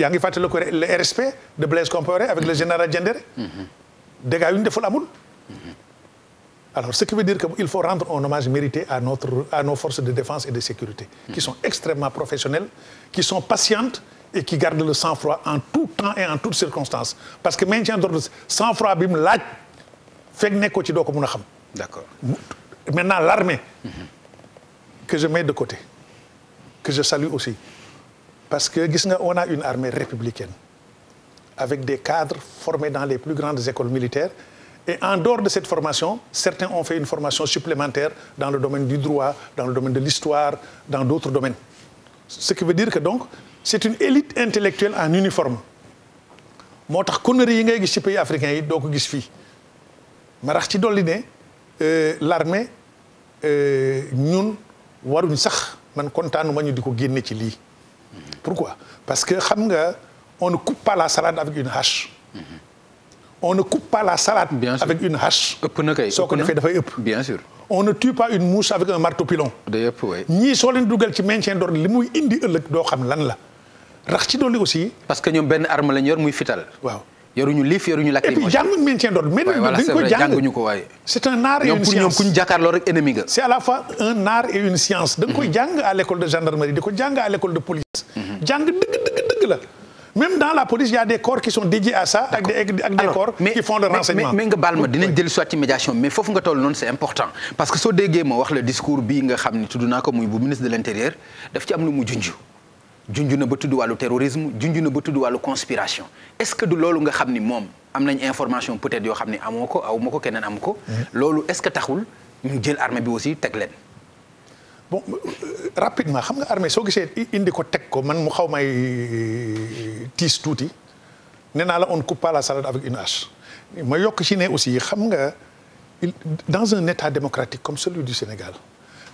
yaa ngi fàttali ko le RSP de Blaise Compaoré avec le général Diendéré. Mm-hmm. dégâts yu ñu amul. Mm-hmm. alors ce qui veut dire que il faut rendre un hommage mérité à nos forces de défense et de sécurité. Mm-hmm. qui sont extrêmement professionnelles qui sont patientes et qui gardent le sang-froid en tout temps et en toutes circonstances parce que maintien d'ordre sang-froid bi mu laaj fekk nekko ci doo ko mën a xam. d'accord maintenant l'armée que je mets de côté que je salue aussi. Parce que gis nga a une armée républicaine avec des cadres formés dans les plus grandes écoles militaires. Et en dehors de cette formation, certains ont fait une formation supplémentaire dans le domaine du droit, dans le domaine de l'histoire, dans d'autres domaines. Ce qui veut dire que donc, c'est une élite intellectuelle en uniforme. moo tax conneries yi ngay gis ci pays africain yi doo ko gis fi ma rax ci dolli ne euh, l'armée euh, ñun waruñ sax man kontaanu ma ñu di ko génne ci lii pourquoi parce que xam nga on ne coupe pas la salade avec une hache. on ne coupe pas la salade. bien avec une hache. ëpp na kay soo ko defee dafay ëpp. bien sûr on ne tue pas une mouche avec un marteau pilon. day ëpp waay ñii soo leen dugal ci maintien d'ordre li muy indi ëllëg doo xam lan la rax ci dolli aussi. parce que ñoom benn arm lañ yor muy fital. waaw. yoruñu liif yoruñu lacrymogène et puis mais dañ ko jàng jànguñu ko waaye c'est un art et une science ñoom ku ñu jàkkaarloo rek ennemi nga c'est à la fois un art et une science da koy jàng à l'école de gendarmerie di ko jàng à l'école de police mhm. jàng dëgg dëgg la même dans la police il y a des corps qui sont dédiés à ak des corps qui font le renseignement mais nga baal dinañ dellu soit médiation mais foofu nga toll noonu c'est important parce que soo déggee ma wax le discours bii nga xam ne tudd naa ko muy bu ministre junj na ba tudd wàllu terrorisme junj na ba tudd wàllu conspiration est-ce que du loolu nga xam ni moom am nañ information peut yoo xam ni amoo ko aw ma ko keneen am ko. Mhm. loolu est-ce que taxul ñu jël armée bi aussi teg leen. bon euh, rapidement xam nga armée soo gisee indi ko teg ko man mu xaw may euh, tiis tuuti nee naa la on coupe pas la salade avec une hache ma yokk ci ne aussi xam nga dans un état démocratique comme celui du Sénégal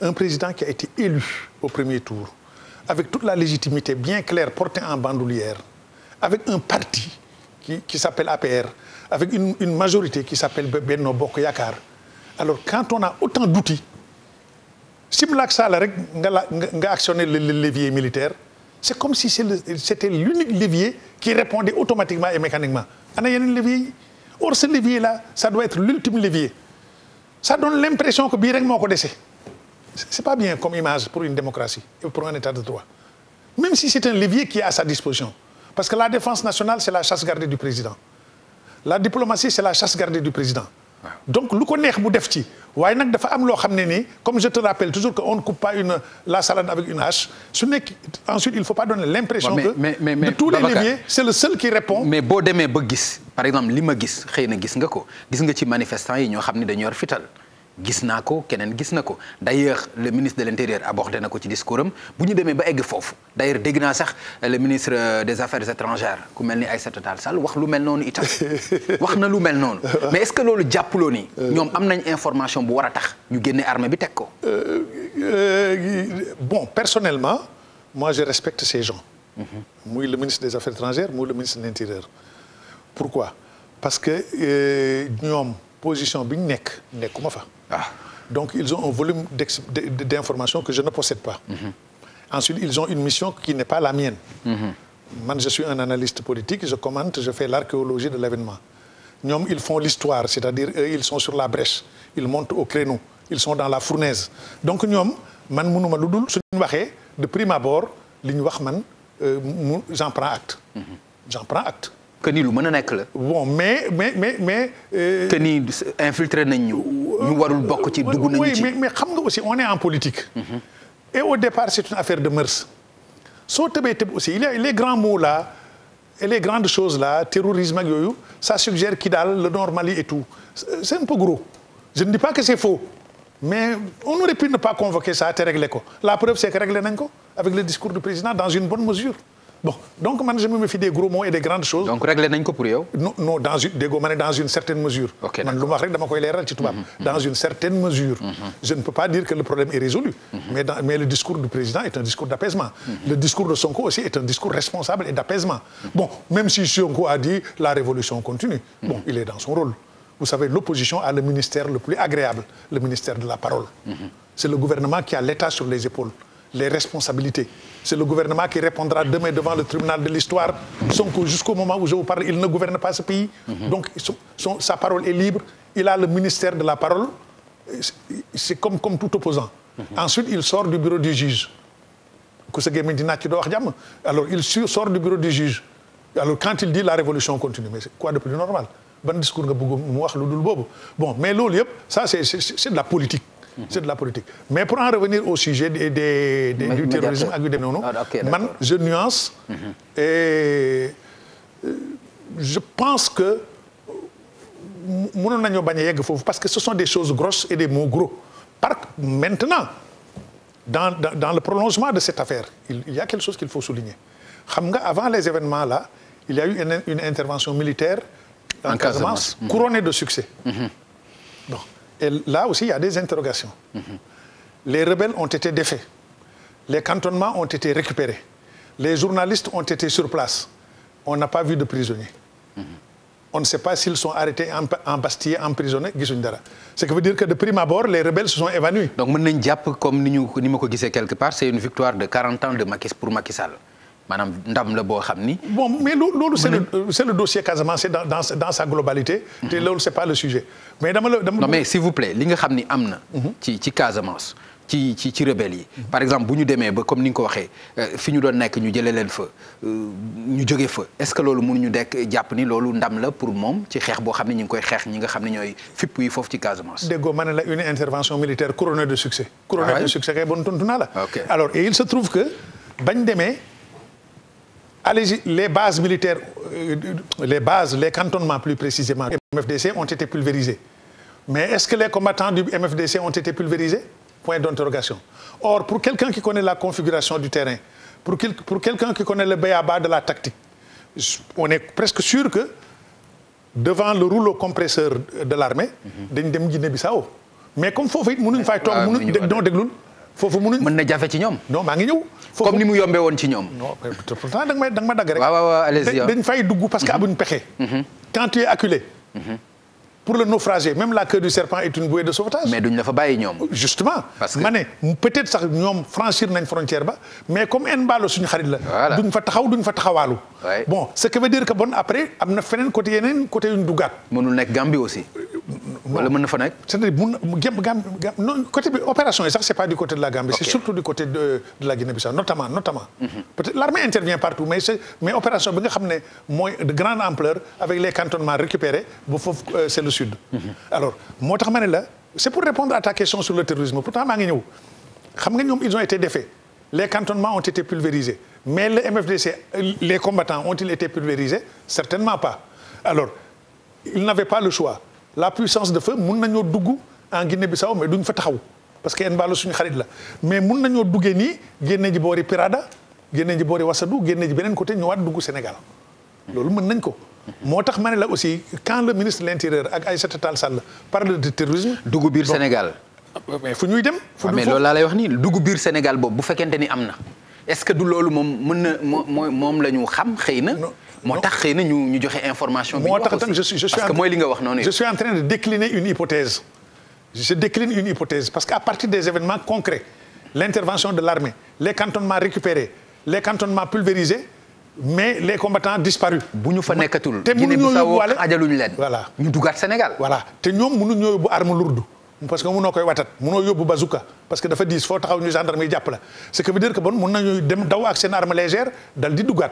un président qui a premier tour. avec toute la légitimité bien claire portée en bandoulière, avec un parti qui, qui s'appelle APR, avec une, une majorité qui s'appelle Benno Bokk Yakaar. Alors quand on a autant d'outils, sim laak saala rek nga la nga actionner le levier militaire c'est comme si c'était l'unique levier qui répondait automatiquement et mécaniquement ana yeneen levier yi or ce levier là ça doit être l'ultime levier ça donne l'impression que bii rek moo ko dese c'est pas bien comme image pour une démocratie et pour un état de droit. Même si c'est un levier qui est sa disposition. Parce que la défense nationale, c'est la chasse gardée du président. La diplomatie, c'est la chasse gardée du président. donc lu ko neex mu def ci waaye nag dafa am loo xam ne nii comme je te rappelle toujours que on ne coupe pas une la salade avec une hache su nekk ensuite il faut pas donner l'impression que de tous les leviers c'est gis par exemple gis na ci manifestants yi ñoo xam ne dañu fital gis naa ko keneen gis na ko d'ailleurs le ministre de l'intérieur abordé na ko ci discours am bu ñu demee ba egg foofu d'ailleurs dégg naa sax le ministre des affaires étrangères ku mel ni ay Aïssata Tall Sall wax lu mel noonu itam wax na lu mel noonu mais est-ce que loolu jàppuloo ni euh. ñoom am nañu information bu war a tax ñu génne armée bi teg ko euh, euh, bon personnellement moi je respecte ces gens mhm. muy le ministre des affaires étrangères muy le ministre de l'intérieur pourquoi parce que ñoom position bi ñu nekk nekkuma fa Ah. Donc ils ont un volume d'informations que je ne possède pas. Mm-hmm. Ensuite, ils ont une mission qui n'est pas la mienne. Mm -hmm. Moi, je suis un analyste politique, je commente, je fais l'archéologie de l'événement. Nous, ils font l'histoire, c'est-à-dire eux, ils sont sur la brèche, ils montent au créneau, ils sont dans la fournaise. Donc nous, man mënuma lu dul suñu waxee de prime abord li ñu wax man euh, j'en prends acte. Mm-hmm. J'en prends acte. que ni lu mën a nekk la. bon mais mais mais mais. Euh... que ni nañ ñu. ñu warul bokk ci dugg nañu ci. oui mais xam nga aussi on est en politique. Mm et au départ c'est une affaire de mœurs. soo tëbee tëb aussi il y a les grands la là et les grandes choses là terrorisme ak yooyu ça suggère kii daal le nord Mali et tout c'est un peu gros. je ne dis pas que c'est faux. mais on aurait pu ne pas convoquer ça te régler ko la preuve c'est que réglé nañ ko avec le discours du président dans donc man je me méfie des gros mots et des grandes choses. donc réglé nañ ko pour yow. non non dans une déggoo ma ne dans une certaine mesure. ok man lu ma wax rek dama koy mhm, mhm. dans une certaine mesure. Mhm. je ne peux pas dire que le problème est résolu. mais le discours du président est un discours d'apaisement. le discours de Sonko aussi est un discours responsable et d'apaisement. même si Sonko a dit la révolution continue. il est dans son rôle. vous savez l'opposition a le ministère le plus agréable le ministère C'est le gouvernement qui répondra demain devant le tribunal de l'histoire. Sonko, jusqu'au moment où je vous parle, il ne gouverne pas ce pays. Mhm. Donc sa parole est libre. Il a le ministère de la parole. C'est comme, comme tout opposant. Mm -hmm. Ensuite, il sort du bureau du juge. Alors, il sort du bureau du juge. quand il dit la révolution continue, mais c'est quoi de plus normal Bon discours Bon, mais ça, c'est de la politique. c'est de la politique mais pour en revenir au sujet des, des, des du terrorisme ak yu demee noonu ah, man je nuance mm-hmm. et euh, je pense que mënoon nañoo bañ a yegg foofu parce que ce sont des choses grosses et des mots gros par maintenant dans dans, dans le prolongement de cette affaire il, il y a quelque chose qu'il faut souligner xam nga avant les événements là il y a eu une, intervention militaire en Casamance mm-hmm. couronnée de succès mm-hmm. Et là aussi, il y des interrogations. Mm -hmm. Les rebelles ont été défaits. Les cantonnements ont été récupérés. Les journalistes ont été sur place. On n'a pas vu de prisonniers. Mm -hmm. On ne sait pas s'ils sont arrêtés, embastillés, emprisonnés, gisuñu dara. Ce qui veut dire que de prime abord, les rebelles se sont évanouis. Donc mën nañ jàpp quelque part, c'est une victoire de 40 ans de pour Macky maanaam ndam la boo xam ni. bon mais loolu c'est le c'est le dossier Casamance dans dans dans sa globalité. te mhm. loolu c'est pas le sujet. mais dama la dama. non mais vous plaît li nga xam ni am na. Mhm. ci ci ci ci ci rebelle yi mhm. par exemple bu ñu demee ba comme ni nga ko waxee euh, fi ñu doon nekk ñu jële leen fa euh, ñu jóge fa est-ce que loolu mënuñu dekk jàpp ni loolu ndam la pour moom ci xeex boo xam ne ñu ngi koy xeex ñi nga xam ne ñooy fipp yi foofu ci Casamance. déggoo ma ne la une intervention allez les bases militaires euh, les bases les cantonnements plus précisément du MFDC ont été pulvérisés mais est-ce que les combattants du MFDC ont été pulvérisés point d'interrogation or pour quelqu'un qui connaît la configuration du terrain pour quelqu'un qui connaît le b.a.-ba de la tactique on est presque sûr que devant le rouleau compresseur de l'armée mhm. dañ dem Guinée-Bissau mais comme foofu it mënuñ fay toog ah, mënuñ dégg déglu foofu munuñ mën na jafe ci ñoom. non maa ngi ñëw. comme ni mu yombee woon ci ñoom. non pourtant da nga ma da nga parce que mhm. amuñ pexe. Mhm. quand tu es mhm. pour le naufragé même la queue du serpent est une bouée de sauvetage. mais duñ la fa bàyyi ñoom. justement parce que sax ñoom franchir nañ frontière ba mais comme Embalo suñu xarit la. duñ fa taxaw duñ fa taxawaalu. bon ce qui veut dire que bon après am na feneen côté yeneen côté yuñ duggaat. mënul nekk Gambie aussi. Euh, wala mën na fa nekk. cest bi opération yi sax c'est pas du côté de la Gambie. c'est surtout du côté de la Guinée-Bissau notamment notamment. Mhm. peut le sud. alors moo tax ma ne la c' est pour répondre à ta question sur le terrorisme pourtant maa ngi ñëw xam nga ñoom ils ont été défaits les cantonnements ont été pulvérisés mais le MFDC les combattants ont-ils été pulvérisés certainement pas alors ils n'avaient pas le choix la puissance de feu mun nañoo dugg en Guinée-Bissau mais duñ fa taxaw parce que en su ñu xarit la mais mun nañoo duggee nii génne ji boori Pirada génne ji boori Wasadou génne ji beneen côté ñëwaat dugg Sénégal loolu mën nañ moo tax ma ne la aussi quand le ministre de l'intérieur ak Aïssata Tall Sall parle de terrorisme. dugg biir Sénégal. mais fu ñuy dem. fu ah, mais loolu laa lay wax nii dugg biir Sénégal boobu bu fekkente ni am na. est-ce que du loolu moom mën na moom moom la ñu xam xëy na. moo tax xëy na ñu ñu joxe information. bi ñu wax parce que mooy li nga wax noonu. je suis en train de décliner une hypothèse. je décline une hypothèse parce que à partir des événements concrets l'intervention de l'armée les cantonnements récupérés les cantonnements pulvérisés. mais les combattants disparus. bu ñu fa nekkatul. te mënuñu ñoo yóbbuwaale ajaluñ leen. voilà ñu duggat Sénégal. voilà te ñoom mënuñu ñoo yóbbu arme lourde parce que mënoo koy watat mënoo yóbbu bazooka. parce que dafa diis foo taxaw ñu gendarme yi jàpp la ce qui veut dire que bon nañu dem daw ak arme légère dal di duggaat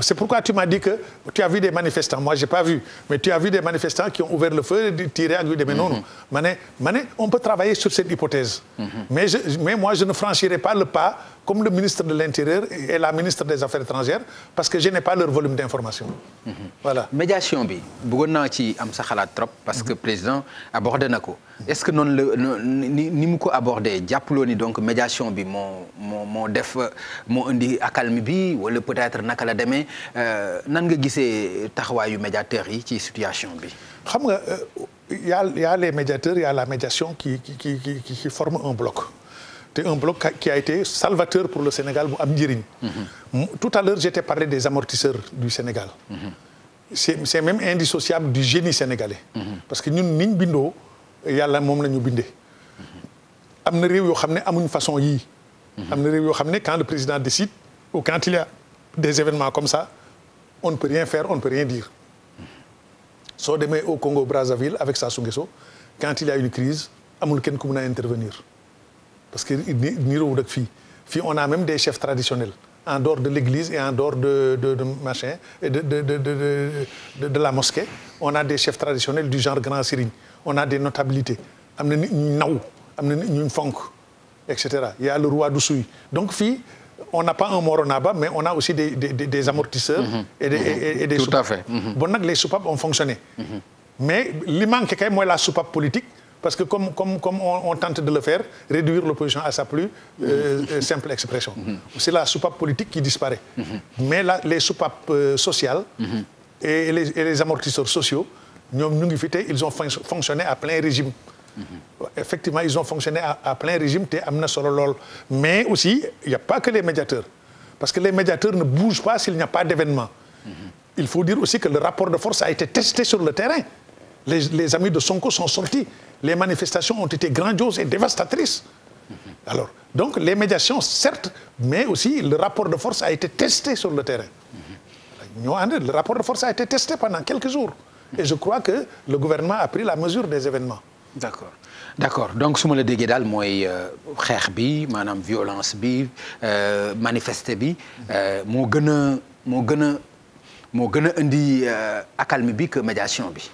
c'est pourquoi tu m'as dit que tu as vu des manifestants moi j'ai pas vu mais tu as vu des manifestants qui ont ouvert le feu di tiré ak yu demee noonu mm-hmm. ma ma ne on peut travailler sur cette hypothèse mm -hmm. mais je mais moi je ne franchirai pas le pas comme le ministre de l'Intérieur et la ministre des Affaires étrangères parce que je n'ai pas leur mm-hmm. naa ci am sa xalaat trop parce que mm-hmm. président abordé na ko ni mu ko jàppaloo ni donc médiation bi moo moo moo def moo indi accalmie bi wala peut naka la demee euh, nan nga gisee taxawaayu médiateur yi ci situation bi. xam nga euh, y a y les médiateurs y la médiation qui qui qui qui qui forme un bloc. te un bloc qui a été salvateur pour le Sénégal bu am njëriñ. Mhm. tout à l'heure j'étais parlé des amortisseurs du Sénégal. Mm -hmm. c'est c'est même indissociable du génie sénégalais. Mm -hmm. parce que ñun niñ bindoo yàlla moom la ñu bindee. am na réew yoo xam ne amuñ façon yii. am na réew yoo xam ne quand le président décide ou quand il y a des événements comme ça on ne peut rien faire on ne peut rien dire soo demee au Congo Brazzaville avec Sassou Nguesso quand il y une crise amul kenn ku mun a intervenir parce que niroowul ak fii fii on a même des chefs traditionnels en dehors de l'église et en dehors de de de machin de de de de la mosquée on a des chefs traditionnels du genre grand serigne on a des notabilités am na nit naw. am na ñuñ fonk et cetera y a le roi du souy donc fii on n'a pas un moronaba mais on a aussi des des, des amortisseurs mm -hmm. et des et, mm-hmm. bon nag les soupapes ont fonctionné mm-hmm. mais li manqué kay mooy la supap politique parce que comme comme comme on, on tente de le faire réduire l'opposition à sa plus euh, mm-hmm. euh simple expression c'est la supap politique qui disparaît mais là les soupapes euh, sociales et les, et les amortisseurs sociaux ñoom ñu ngi fi tey ils ont fonctionné à plein régime effectivement ils ont fonctionné à, à plein régime te am na solo lool mais aussi il y a pas que les médiateurs parce que les médiateurs ne bougent pas s'il n'y a pas d'événement mhm. il faut dire aussi que le rapport de force a été testé sur le terrain les, les amis de Sonko sont sortis les manifestations ont été grandioses et dévastatrices mhm. alors donc les médiations certes mais aussi le rapport de force a été testé sur le terrain mhm. ñoo ànd le rapport de force a été testé je crois que le gouvernement a pris la mesure des événements d' accord d' accord donc su ma la déggee daal mooy euh, xeex bi maanaam violence bi euh, manifester bi euh, moo gën a moo gën a moo gën a indi accalmie bi que médiation bi.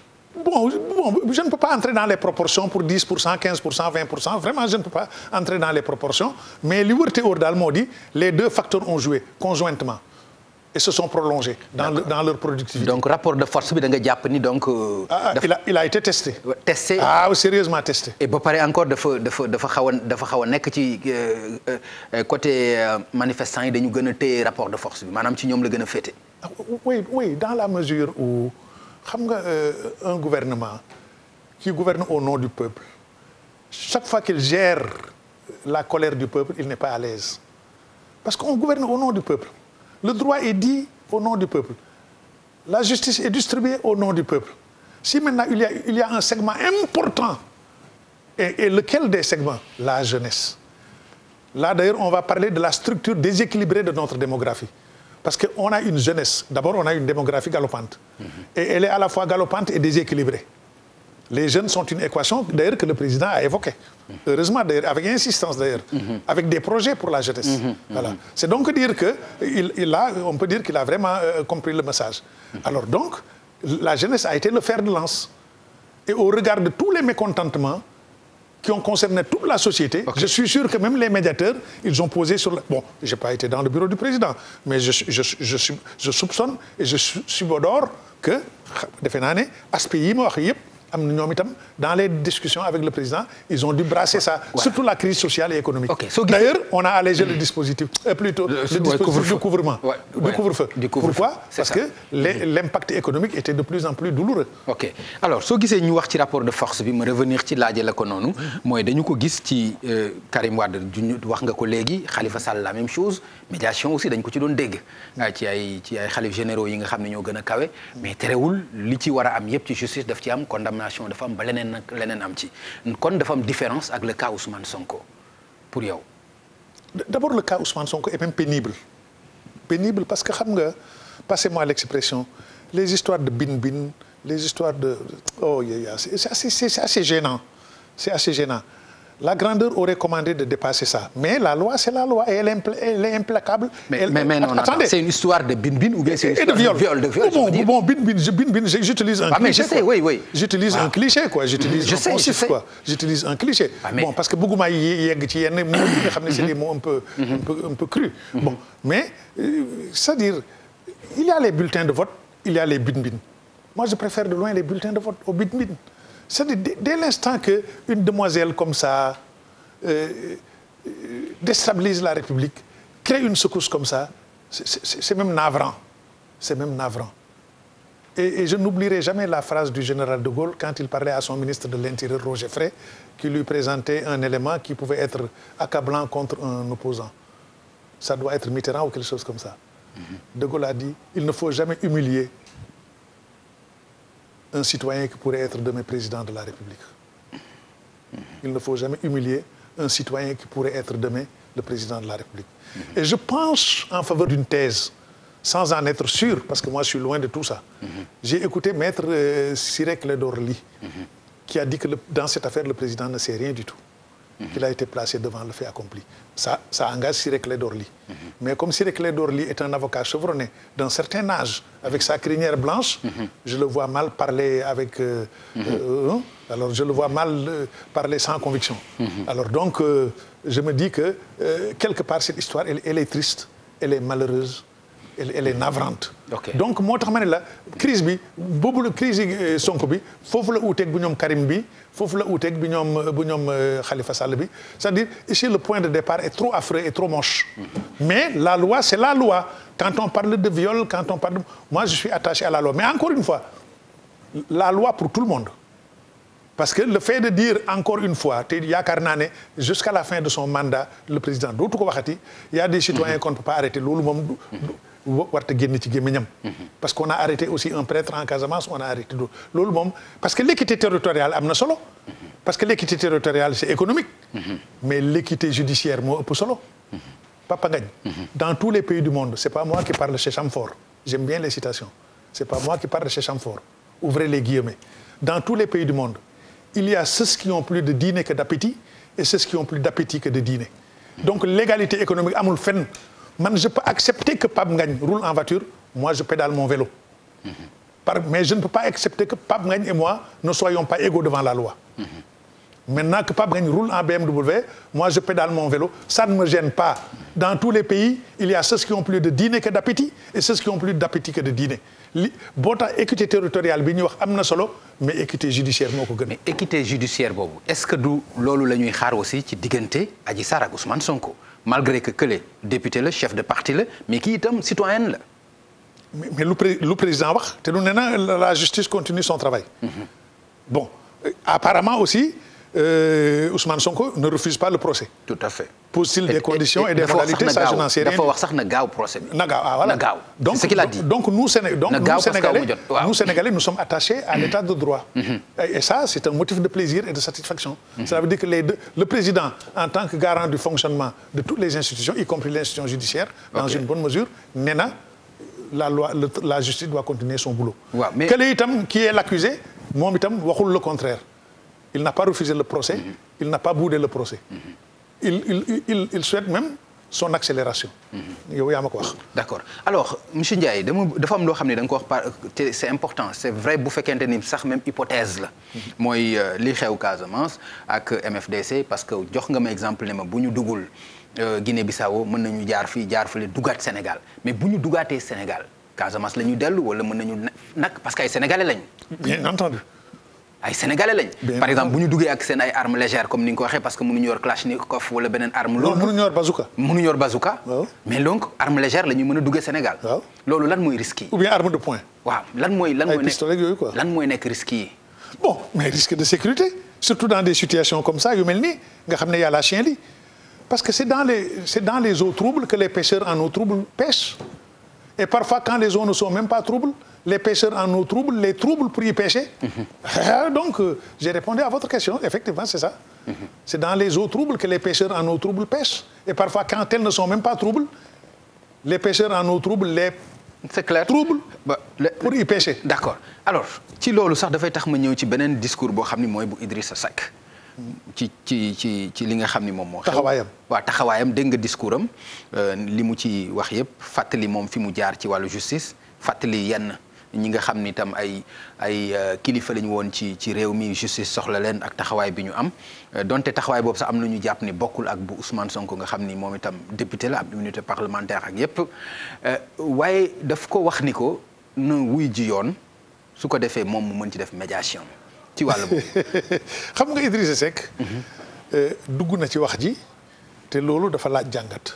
bon bon je ne peux pas entrer dans les proportions pour 10 pour cent 15 pour cent 20 pour cent vraiment je ne peux pas entrer dans les proportions mais li wërte wër daal moo di les deux facteurs ont joué conjointement. et se sont prolongés dans, le, dans leur productivité. Donc rapport de force bi da nga jàpp ni donc. Euh, ah, ah, il a il a été testé. testé ah sérieusement testé. et ba pare encore dafa dafa dafa xaw dafa xaw a nekk ci euh, euh, côté euh, manifestants yi dañu gën a téye rapport de force bi maanaam ci ñoom la gën a féete. Ah, oui oui dans la mesure où xam nga euh, un gouvernement qui gouverne au nom du peuple chaque fois qu'il gère la colère du peuple il n'est pas à l'aise parce qu'on gouverne au nom du peuple. Le droit est dit au nom du peuple. La justice est distribuée au nom du peuple. Si maintenant il y a, il y a un segment important, et, et lequel des segments La jeunesse. Là d'ailleurs, on va parler de la structure déséquilibrée de notre démographie. Parce qu'on a une jeunesse. D'abord, on a une démographie galopante. Mm -hmm. Et elle est à la fois galopante et déséquilibrée. les jeunes sont une équation d'ailleurs que le président a évoquée. Heureusement d'ailleurs, avec insistance d'ailleurs, mm -hmm. avec des projets pour la jeunesse. Mm -hmm. voilà. C'est donc dire que il, il a, on peut dire qu'il a vraiment euh, compris le message. Mm -hmm. Alors donc, la jeunesse a été le fer de lance. Et au regard de tous les mécontentements qui ont concerné toute la société, okay. je suis sûr que même les médiateurs, ils ont posé sur... La... Bon, je n'ai pas été dans le bureau du président, mais je, je, je, je soupçonne et je subodore que, defe naa ne aspect yi ma wax yëpp am na ñoom itam dans les discussions avec le président ils ont dû brasser ça voilà. surtout la crise sociale et économique okay. so, d'ailleurs on a allégé le mm. dispositif euh, plutôt le, dispositif du couvrement du couvre parce que mm. l'impact économique était de plus en plus douloureux ok alors soo gisee ñu wax ci rapport de force bi ma revenir ci laaje la ko noonu mm. mooy dañu ko gis ci euh, Karim Wade du ñu wax nga ko léegi Khalifa Sall la même chose médiation aussi dañ ko ci doon dégg euh, ci ay ci ay xalif généraux yi nga xam ne ñoo gën a kawe mais terewul li ci war am yëpp ci justice daf ci am condamnation dafa am ba leneen leneen am ci kon dafa am différence ak le cas Ousmane Sonko pour yow d'abord le cas Ousmane Sonko est même pénible pénible parce que xam nga passez-moi l'expression les histoires de bin-bin les histoires de oh yeah, yeah. c'est assez, assez gênant c'est assez gênant La grandeur aurait commandé de dépasser ça. Mais la loi, c'est la loi. Et elle, impl elle est implacable. Mais, elle, mais, C'est une histoire de bin-bin ou bien c'est une oh, bin-bin, j'utilise un ah, cliché. J'utilise ah. un cliché, quoi. J'utilise un cliché. Ah, parce que beaucoup m'a yegg ci yenn mots mhm. mhm. un peu, un mhm. mais, euh, c'est-à-dire, il y a les bulletins de vote, il y a les bin-bin. Moi, je préfère de loin les bulletins de vote aux bin-bin. c'est-à-dire dès l'instant que une demoiselle comme ça euh, euh, déstabilise la République crée une secousse comme ça c'est même navrant c'est même navrant et, et je n'oublierai jamais la phrase du général de Gaulle quand il parlait à son ministre de l'Intérieur Roger Frey qui lui présentait un élément qui pouvait être accablant contre un opposant ça doit être Mitterrand ou quelque chose comme ça mhm. de Gaulle a dit il ne faut jamais humilier un citoyen qui pourrait être demain président de la République. Il ne faut jamais humilier un citoyen qui pourrait être demain le président de la République. Et je pense en faveur d'une thèse, sans en être sûr, parce que moi je suis loin de tout ça. J'ai écouté Maître euh, Sirek Ledorli, qui a dit que le, dans cette affaire, le président ne sait rien du tout. qu'il a été placé devant le fait accompli. Ça, ça engage Siré Clédorli. Mm -hmm. Mais comme Siré Clédorli est un avocat chevronné d'un certain âge, avec sa crinière blanche, mm -hmm. je le vois mal parler avec... Euh, mm -hmm. euh, alors je le vois mal euh, parler sans conviction. Alors donc, euh, je me dis que euh, quelque part, cette histoire, elle, elle est triste, elle est malheureuse, elle, elle est navrante. donc moo tax ma ne la crise bi boobu la crise yi euh, Sonko bi foofu la uuteeg bu ñoom Karim bi foofu la uuteeg bi ñoom bu ñoom euh, euh, Khalifa salle bi c'est-à-dire ici le point de départ est trop affreux et trop moche. Mm-hmm. mais la loi c'est la loi quand on parle de viol quand on parle de... mais encore une fois la loi pour tout monde. parce que le fait de dire encore une fois te yaakaar naa jusqu'à la fin de son mandat le président dootu ko waxati y des citoyens mm-hmm. qu'on pas arrêter loolu moom warta génn ci gémmiñam parce que on a arrêté aussi un prêtre en Casamance on a arrêté d loolu moom parce que l'équité territoriale am na solo parce que l'équité territoriale c'est économique mais l'équité judiciaire moo ëpp solo Papa Ngagne dans tous les pays du monde c'est pas moi qui parle chez Chamfort j'aime bien les citations c'est pas moi qui parle chez Chamfort ouvrez les guillemets dans tous les pays du monde il y a ceux qui ont plus de dîner l'égalité économique amul fenn man je peux accepter que Pape Ngagne roule en voiture moi je pédale mon vélo mm -hmm. Par, mais je ne peux pas accepter que Pape Ngagne et moi ne soyons pas égaux devant la loi mm -hmm. que Pape Ngagne roule en BMW moi je pédale mon vélo ça ne me gêne pas dans tous les pays il y a ceux qui ont plus de dîner que d'appétit et ceux qui ont plus d'appétit que de dîner li boo tax équité territoriale bi ñuy wax am na solo mais équité judiciaire moo ko gën mais équité judiciaire boobu es ce que du loolu la ñuy xaar aussi ci diggante Adji Sarr ak Ousmane Sonko malgré que kële député la chef de parti la mais kii itam citoyen la. mais lu lu président wax te lu nee na la justice continue son travail. Mhm. bon euh, apparemment aussi. euh, Ousmane Sonko ne refuse pas le procès. tout à pose-t-il des conditions et, et, et, et des modalités ça je n'en sais rien dafa ah, donc a dit donc nous Séné nous sommes attachés à l'état de droit. Mm-hmm. et ça c'est un motif de plaisir et de satisfaction. Mm-hmm. ça veut dire que le président en tant que garant du fonctionnement de toutes les institutions y compris l'institution judiciaire. dans une bonne mesure nee la justice doit continuer son boulot. waaw mais quel qui est l'accusé moom itam waxul le contraire. il n'a pas refusé le procès, mm -hmm. il n'a pas boudé le procès. Mm -hmm. il, il, il, il souhaite accélération. Mm-hmm. yow yaa ma ko wax. d' accord alors monsieur Ndiaye dama dafa am loo xam ne da ko wax par te c' est important c' vrai bu fekkente ni sax même hypothèse la. Mm-hmm. mooy euh, li xew Casamance ak MFDC parce que jox nga ma exemple ne ma bu ñu duggul euh, Guinée-Bissau mën ñu jaar fii jaar fële duggaat Sénégal mais bu ñu dugaatee Sénégal Casamance la ñu dellu wala mën nañu nag parce que ay sénégalais lañu. ay sénégalais lañ. par exemple bu ñu duggee ak seen ay armes légères comme ni nga ko parce que mënuñu yor kalachnikov wala beneen arme. loolu mënuñu yor mais donc arme légère la ñuy mën a duggee Sénégal. waaw loolu lan mooy risque yi. ou bien arme de poing. waaw lan mooy lan mooy nekk ay pistolet yooyu quoi. lan mooy nekk risque bon mais risque de sécurité surtout dans des situations comme ça yu mel nga xam ne y a la chien li parce que c'est dans les c'est eaux troubles que les pêcheurs en eau trouble pêchent. Et parfois, quand les eaux ne sont même pas troubles, les pêcheurs en eau trouble, les troubles pour y pêcher. Mhm. Donc, euh, j'ai répondu à votre question. Effectivement, c'est ça. Mhm. C'est dans les eaux troubles que les pêcheurs en eau trouble pêchent. Et parfois, quand elles ne sont même pas troubles, les pêcheurs en eau trouble les c'est clair trouble ba pour d'accord alors ci loolu sax dafay tax ma ñëw ci beneen discours boo xam ni mooy bu Idrissa sac ci ci ci ci li nga xam ni moom moo. taxawaayam waaw taxawaayam dégg nga discours am euh, li mu ci wax yëpp fàttali moom fi mu jaar ci wàllu justice fàttali yenn. ñi nga xam ni tam ay ay euh, kilifa lañu woon ci ci réew mi justice soxla leen ak taxawaay bi ñu am euh, donte taxawaay boobu sax am na ñu jàpp ni bokkul ak bu Ousmane Sonko nga xam ni moom itam député la ab immunité parlementaire ak yépp waaye daf ko wax ni ko na wuy ji yoon su ko defee moom mu mën ci def médiation. ci wàll xam nga Idrissa Seck. Euh, dugg na ci wax ji te loolu dafa laaj jàngat.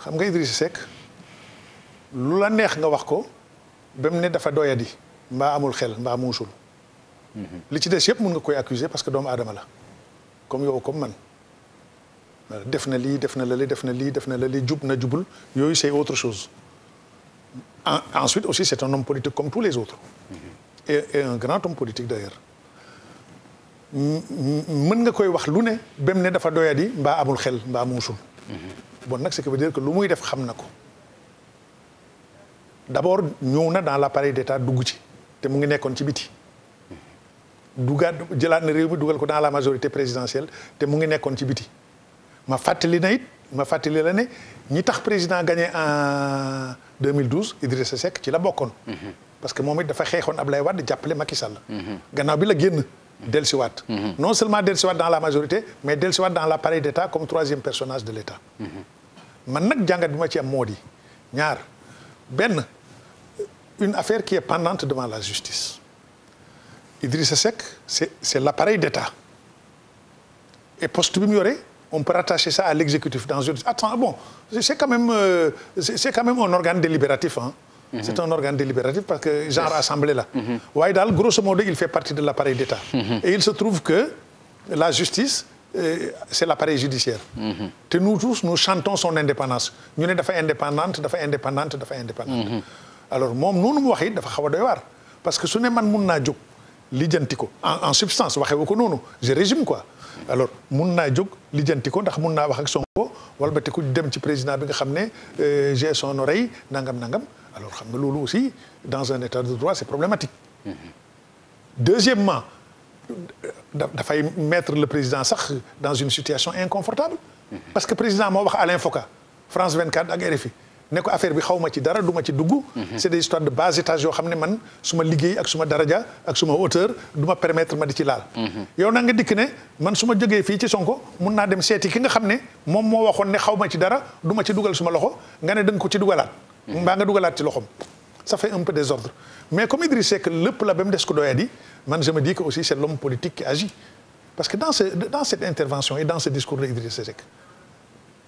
xam nga Idrissa Seck lu la neex nga wax ko ba mu ne dafa doyadi mbaa amul xel mbaa muusul. li ci des yëpp mun nga koy accuser parce que doomu adama la comme yow comme man. def na lii def na la lii def na lii def na la lii jub na jubul yooyu c'est autre chose ensuite aussi c'est un homme politique comme tous les autres. et, et un grand homme politique d'ailleurs mën nga koy wax lu ne bem ne dafa doyadi mbaa amul xel mbaa muusul bon nag ce qui veut dire que lu muy def xam na ko d'abord ñëw na dans l'appareil d'État dugg ci te mu ngi nekkoon ci biti dugaat jëlaat na réew mi dugal ko dans la majorité présidentielle te mu ngi nekkoon ci biti ma fàttali na it ma fàttali la ne ñi tax président gagné en 2012 Idrissa Seck ci la bokkoon parce que moom it dafa xeexoon Ablaye Wade jàppale Macky Sall. Mhm. gannaaw bi la génn. dellusiwaat. Mhm. non seulement dellusiwaat dans la majorité mais dellusiwaat dans l'appareil d'État comme troisième personnage de l'État. Mhm. man nag jàngat bi ma ci am moo ñaar benn une affaire qui est pendante devant la justice Idrissa Seck c'est c'est l'appareil d'État et poste bi mu yore on peut rattacher ça à l'exécutif dans une attends ah bon c'est quand même euh, c'est quand un organe délibératif Mhm. c' est un organe délibératif parce que genre assemblée la. Mhm. waaye daal grosso modo il fait partie de l' appareil d' état. Mhm. et il se trouve que la justice. Euh, c'est l'appareil judiciaire. te nous tous nous chantons son indépendance ñu ne dafa indépendante dafa indépendante dafa indépendante. alors moom noonu mu wax dafa xaw a doy waar parce que su ne man mun naa jóg lijjanti ko en en substance waxewu ko noonu je résume quoi. alors mun naa jóg lijjanti ko ndax mun naa wax ak Sonko walbati dem ci président bi nga xam ne euh, j'ai son oreille nangam nangam. alors xam nga loolu aussi dans un état de droit c'est problématique mm -hmm. deuxièmement dafay mettre le président sax dans une situation inconfortable mm-hmm. parce que président moo wax Alain Foka France 24 ak RFI ne ko affaire bi xaw ma ci dara duma ci dugg mm-hmm. c'est des histoires de bas étage yoo xam ne man suma liggéey ak suma daraja ak suma hauteur du ma permettre ma di ci laal mm-hmm. yow na nga dikk ne man su ma jógee fii ci Sonko mun naa dem seeti ki nga xam ne moom moo waxoon ne xaw ma ci dara du ci dugal suma loxo nga ne da ko ci dugalaat mbaa nga dugalaat ci loxoom. ça fait un mais comme Idriss Seck lépp la ba mu ko doyadi man je me dis que aussi c' est l'homme politique qui agit parce que dans ce dans cette intervention et dans ce discours de Idriss Seck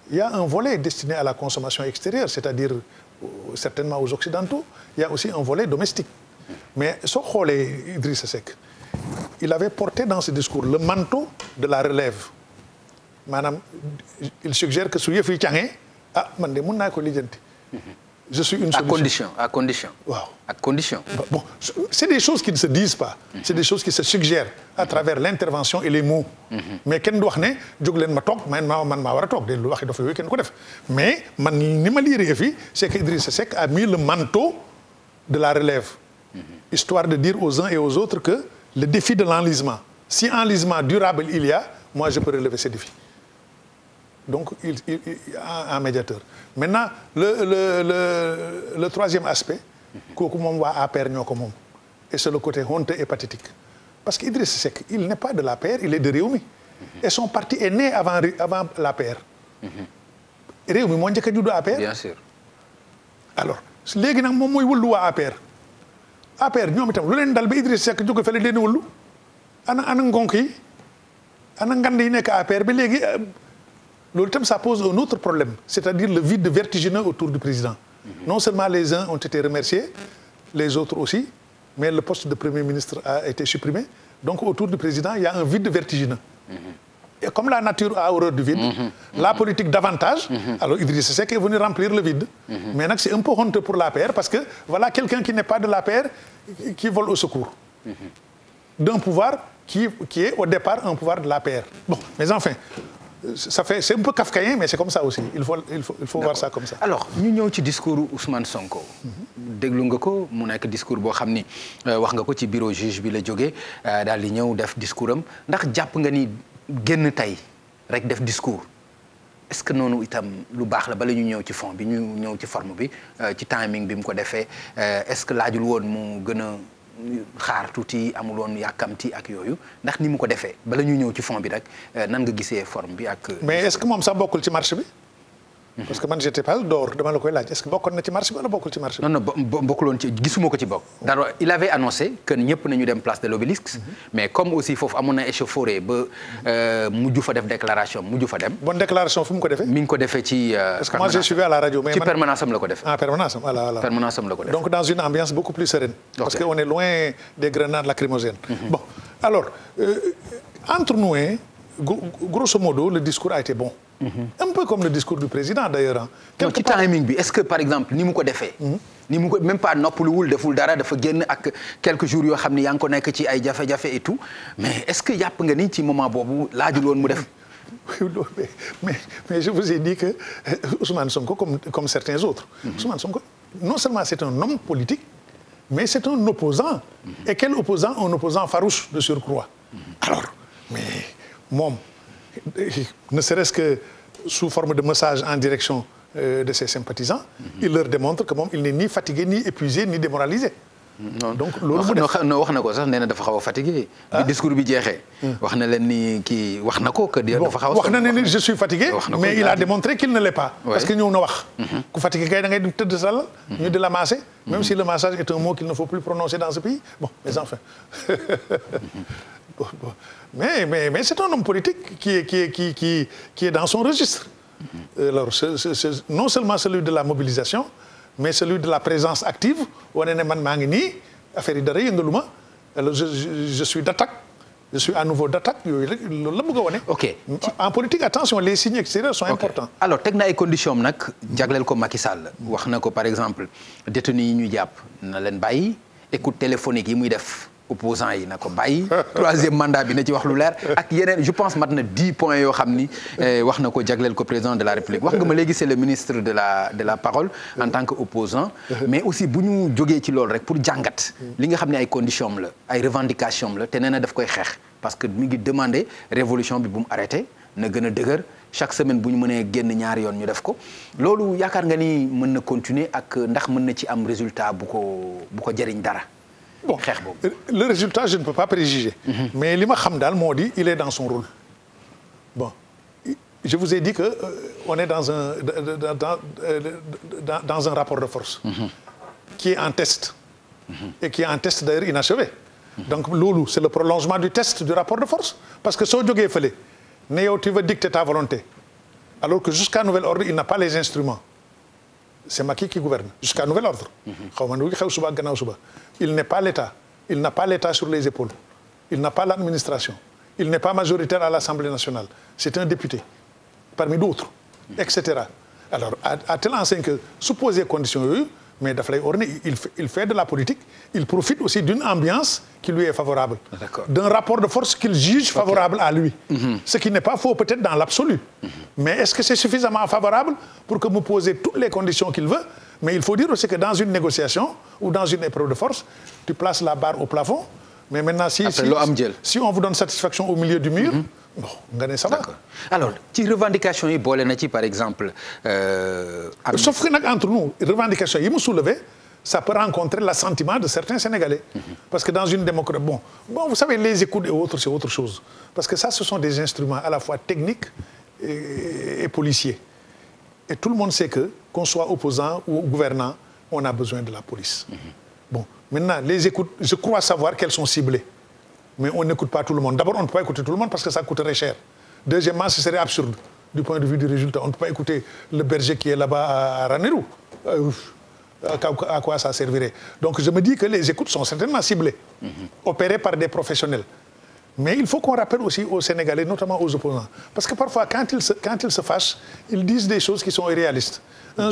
il un volet destiné à la consommation extérieure c'est-à-dire euh, certainement aux occidentaux il y a aussi un volet domestique mais soo xoolee Idriss Seck il avait porté dans ce discours le manteau de la relève maanaam il suggère que su yëf yi càngee ah man de mun naa ko lijjanti je suis une solution. À condition, à condition. Waaw. À condition. Bon, c'est des choses qui ne se disent pas. C'est des choses qui se suggèrent à travers l'intervention et les mots. Mhm. mais kenn du wax ne jóg leen ma toog man maa man maa war a toog de lu waxi dafa yooyu kenn ko def man ni ma liiree fii c'est que Idrissa Seck de la relève. Mhm. histoire de dire aux uns et aux autres que le défi de l'enlisement si enlisement durable il y a moi je peux relever ce défi. donc il il, il un, un médiateur maintenant le le le le troisième aspect. kooku moom waa APR ñoo ko moom. et c'est le côté honteux et pathétique parce que Idriss Seck il n'est pas de l'APR il est de Rewmi. Mhm. et son parti est né avant avant l'APR. Mhm. Rewmi moo njëkk a juddu APR. bien sûr. alors léegi nag moom mooy wëllu waa APR. APR ñoom itam lu leen dal ba Idriss Seck jóge fële leen wëllu ana ana ngonk yi ana ngand yi nekk APR ba léegi. Euh, loolu itam ça pose un autre problème c'est-à-dire le vide vertigineux autour du président mhm. non seulement les uns ont été remerciés les autres aussi mais le poste de premier ministre a été supprimé donc autour du président il y a un vide vertigineux mhm. et comme la nature a horreur du vide mhm. la politique davantage alors Idrissa Seck est venu remplir le vide mais nag c'est un peu honteux pour l'APR parce que voilà quelqu'un qui n'est pas de l'APR qui vole au secours d'un pouvoir au départ un pouvoir de l'APR bon Euh, ça fait c'est un peu kafkaïen mais c'est comme ça aussi il faut il faut il faut voir comme ça. alors ñu ñëw ci discours Ousmane Sonko. déglu nga ko mu nekk discours boo xam ni euh, wax nga ko ci bureau juge bi la jóge euh, daal di ñëw def discours am ndax jàpp nga ni génn tey rek def discours est-ce que noonu itam lu baax la bala ñu ñëw ci fond bi ñu ñëw ci forme bi ci timing bi mu ko defee est-ce que laajul woon mu gën a. xaar tuuti amuloon yàkkamti ak yooyu ndax ni mu ko defee bala ñu ñëw ci fond bi rek euh, nan nga gisee forme bi ak. mais est-ce que moom sax bokkul ci marché bi. parce que man j'étais pas door dama la koy laaj est-ce que bokkoon ci marché bi ci marché bi. non non bokkul ci gisuma ko ci bokk. Oh. il avait annoncé que ñëpp nañu dem place de l'obélisque mhm. mais comme aussi foofu amoon na échauffourée ba euh, mujj fa def déclaration mujj fa dem. bon déclaration fu mu ko defee. mi ngi ko defee ci. Euh, parce que moi j'ai suivi à la radio permanence am la ko ah, donc dans une ambiance beaucoup plus sereine. parce que est loin des grenades lacrymogènes. Mhm. Euh, entre nous grosso modo a été un peu comme le discours du président d'ailleurs quelque ci timing bi est-ce que par exemple ni mu ko hmm? ni mu ko même pas noppaluwul deful dara dafa génn ak quelques jours yoo xam ne yaa ngi ko nekk ci ay jafe-jafe et tout mais est-ce que yàpp nga ni ci moment boobu laaj woon mu def mais mais je vous ai dit que euh, Ousmane Sonko comme comme certains autres hmm. Ousmane Sonko non seulement c'est un homme politique mais c'est un opposant hmm. et quel opposant un opposant farouche de surcroît alors mais moom ne serait-ce que sous forme de message en direction euh, de ses sympathisants. Mm -hmm. il leur démontre que moom il n'est ni fatigué ni épuisé ni démoralisé. donc loolu mu def non wax na ko sax nee na dafa xaw a fatigué. bi ah. discours bi jeexee. Hmm. wax na leen ni kii wax na ko que dafa xaw a. wax na ne ni je suis fatigué. mais il a démontré qu'il ne l'est pas. parce que ñëw na wax. Mhm. ku fatigué kay da ngay tëdd sa lal. Mhm. ñu même mhm. si le massage est un mot qu'il ne faut plus prononcer mais mais mais c'est un homme politique qui est qui est qui qui qui est dans son registre. Euh, alors c'est, c'est non seulement celui de la mobilisation mais celui de la présence active wane ne man maa ngi nii affaire yi dara yëngalu ma alors je je suis d'attaque je suis à nouveau d'attaque yooyu rek loolu la bëgg a wane. ok en politique attention les signes extérieurs sont okay. importants. alors teg na ay conditions am nag jagleel ko Macky Sall wax na ko par exemple détenus yi ñu jàpp na leen bàyyi écoute téléphonique yi muy def. opposant yi na ko bàyyi troisième mandat bi na ci wax lu leer ak yeneen je pense mat na dix points yoo xam ni eh, wax na ko jagleel ko président de la république wax nga ma léegi c'est le ministre de la de la parole en tant que opposant mais aussi bu ñu jógee ci loolu rek pour jàngat li nga xam ne ay conditions am la ay revendications am la te nee na daf koy xeex parce que mi ngi demandé révolution bi bu mu arrêté na gën a dëgër chaque semaine bu ñu mënee génn ñaari yoon ñu def ko loolu yaakaar nga ni mën na continuer ak ndax mën na ci am résultat bu ko bu ko jëriñ dara bon xeex boobu euh, le résultat je ne peux pas préjuger. Mhm. mais lima ma xam daal moo di il est dans son rôle. bon je vous ai dit que euh, on est dans un dans dans, euh, dans dans un rapport de force. Mhm. qui est en test. Mm -hmm. et qui est en test d'ailleurs inachevé. Mhm. donc loolu c'est le prolongement du test du rapport de force parce que soo jógee fële ne yow tu veux dicter ta volonté alors que jusqu'à nouvel ordre il n'a pas les instruments. c'est Macky qui gouverne jusqu'à nouvel ordre xaw ma nu xew suba ak gannaaw suba il n'est pas l'État il n'a pas l'État sur les épaules il n'a pas l'administration il n'est pas majoritaire à l'Assemblée nationale c'est un député parmi d'autres etc alors à, à telle enseigne que su poser condition yooyu mais daf lay orner il il fait de la politique il profite aussi d'une ambiance qui lui est favorable d'un rapport de force qu'il juge okay. favorable à lui mm ce qui n'est pas faux peut-être dans l'absolu mhm. mais est-ce que c'est suffisamment favorable pour que vous posez toutes les conditions qu'il veut mais il faut dire aussi que dans une négociation ou dans une épreuve de force tu places la barre au plafond mais maintenant si on vous donne satisfaction au milieu du mur mhm. nga ne ça va. alors ci revendication yi boole na ci par exemple. Euh, am sauf que nag entre nous revendication yi mu soulevé ça peut rencontrer l'assentiment de certains Sénégalais. Mhm. parce que dans une démocratie bon bon vous savez les écoutes et autre chose parce que ça ce sont des instruments à la fois techniques et, et policiers et tout le monde sait que qu'on soit opposant ou gouvernant on a besoin de la police. Mhm. bon maintenant les écoutes je crois savoir qu'elles sont ciblées. mais on n'écoute pas tout le monde. ne peut pas écouter tout le monde parce que ça coûterait cher. Deuxièmement, ce serait absurde du point de vue du résultat. On ne peut pas écouter le berger qui est là-bas à Ranérou. Euh, euh, à quoi ça servirait Donc je me dis que les écoutes sont certainement ciblées, mm-hmm. opérées par des professionnels. Mais il faut qu'on rappelle aussi aux Sénégalais, notamment aux opposants. Parce que parfois, quand ils se, quand ils se fâchent, ils disent des choses qui sont irréalistes. Un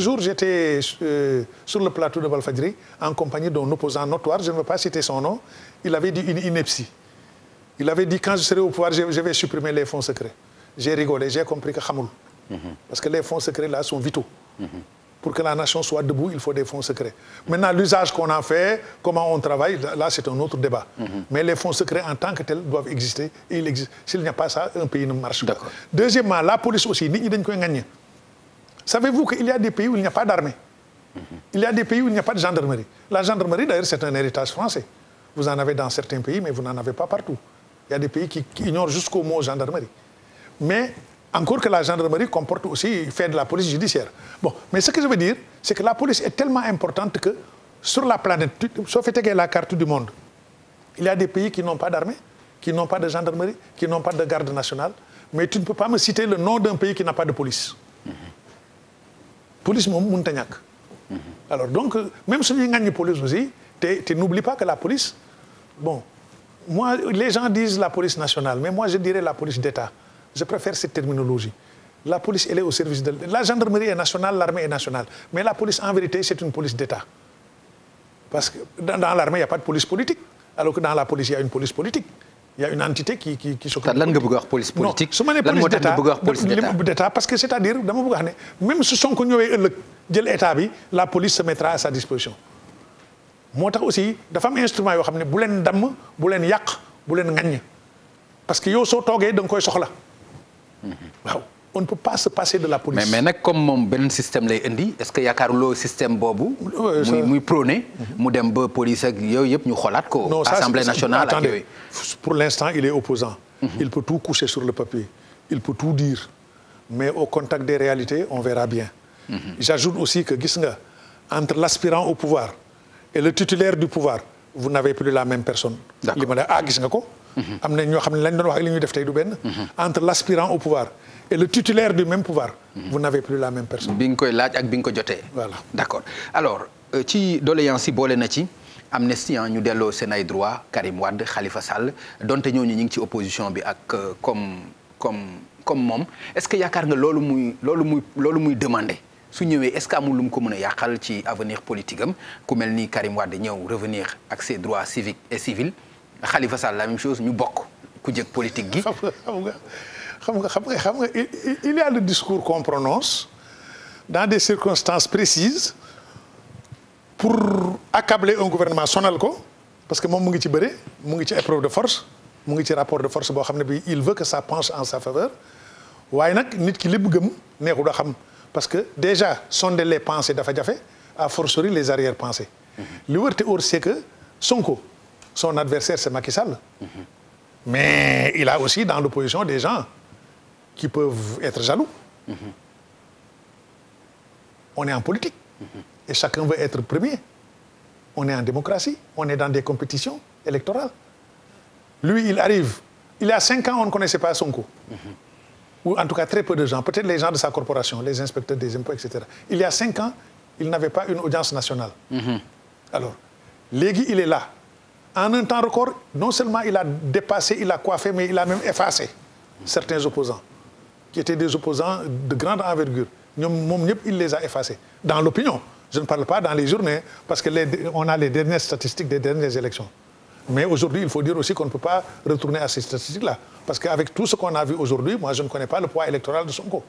il avait dit quand je serai au pouvoir je, vais supprimer les fonds secrets j'ai rigolé j'ai compris que xamul parce que les fonds secrets là sont vitaux pour que la nation soit debout il faut des fonds secrets maintenant l'usage qu'on en fait comment on travaille là c'est un autre débat mais les fonds secrets en tant que tels doivent exister il n'y a pas d'armée il y a des pays où il n'y a pas de gendarmerie la gendarmerie d'ailleurs c'est un héritage Il y a des pays qui, ignorent jusqu'au mot gendarmerie. Mais encore que la gendarmerie comporte aussi faire de la police judiciaire. mais ce que je veux dire, c'est que la police est tellement importante que sur la planète, sauf que la carte du monde, il y a des pays qui n'ont pas d'armée, qui n'ont pas de garde nationale, mais tu ne peux pas me citer le nom d'un pays qui n'a pas de police. Police Montagnac. Mm Alors donc, même si nous gagnons police aussi, tu n'oublies pas que la police, moi, les gens disent la police nationale, mais moi je dirais la police d'État. Je préfère cette terminologie. La police, elle au service de... La gendarmerie est nationale, l'armée est nationale. Mais la police, en vérité, c'est une police d'État. Parce que dans, l'armée, il n'y a pas de police politique. Alors que dans la police, il y a une police politique. Il y a une entité qui qui qui s'occupe. police politique. parce que c'est-à-dire dama bëgg même su Sonko ñëwee moo tax aussi dafa am instrument yoo xam ne bu leen damm bu leen yàq bu leen ŋaññ parce que yow soo toogee danga koy soxla waaw on ne peut pas se passer de la police. mais mais comme moom benn système lay indi est-ce que yaakaaruloo système boobu. Euh, muy muy mu dem ba police ak yooyu yëpp ñu xoolaat ko. non assemblée nationale ak yooyu. pour l'instant il est opposant mhm. il peut tout coucher sur le papier. il peut tout dire mais au contact des réalités on verra bien. Mhm. j'ajoute aussi que gis nga entre l'aspirant au et le titulaire du pouvoir vous n'avez plus la même personne. li ma ne ah nga ko. Mhm. am na ñoo xam ne lañ doon wax ak li ñuy def tey du benn. Mhm. entre l'aspirant au pouvoir et le titulaire du même pouvoir. Mhm. vous n'avez plus la même personne. bi nga koy laaj ak bi ko jotee. voilà d'accord alors euh, ci doléance yi boole na ci. amnistie ñu delloo seen ay droit Karim Wade Khalifa Sall donte ñooñu ñu ngi ci opposition bi ak euh, comme comme comme moom est-ce que yaakaar nga loolu muy loolu muy loolu muy demander. su ñëwee est-ce que amul lu mu ko mën a yàqal ci avenir politique am ku mel nii Karim Wade ñëw revenir ak ses droits civiques et civils Khalifa Sall la même chose ñu bokk ku jëkk politique gi. xam nga xam nga xam nga xam nga il y a le discours qu'on prononce dans des circonstances précises pour accabler un gouvernement sonal ko parce que moom mu ngi ci bëre mu ngi ci épreuve de force mu ngi ci rapport de force boo xam ne bi il veut que ça penche en sa faveur waaye nag nit ki lépp gëm neexu da xam. parce que déjà sonder les pensées dafa jafe à fortiori les arrière-pensées. li wër te wóor c'est que Sonko son adversaire c'est Macky Sall. mais il a aussi dans l'opposition des gens qui peuvent être jaloux. on est en politique. et chacun veut être premier. on est en démocratie on est dans des compétitions électorales. lui il arrive il y a cinq ans on ne connaissait pas Sonko. ou en tout cas très peu de gens, peut-être les gens de sa corporation, les inspecteurs des impôts, etc. Il y a cinq ans, il n'avait pas une audience nationale. Mmh. Alors, Légui, il est là. En un temps record, non seulement il a dépassé, il a coiffé, mais il a même effacé mmh. certains opposants, qui étaient des opposants de grande envergure. Il les a effacés, dans l'opinion. Je ne parle pas dans les journées, parce qu'on a les dernières statistiques des dernières élections. Mais aujourd'hui, il faut dire aussi qu'on ne peut pas retourner à ces statistiques-là. Parce qu'avec tout ce qu'on a vu aujourd'hui, je ne connais pas le poids électoral de Sonko.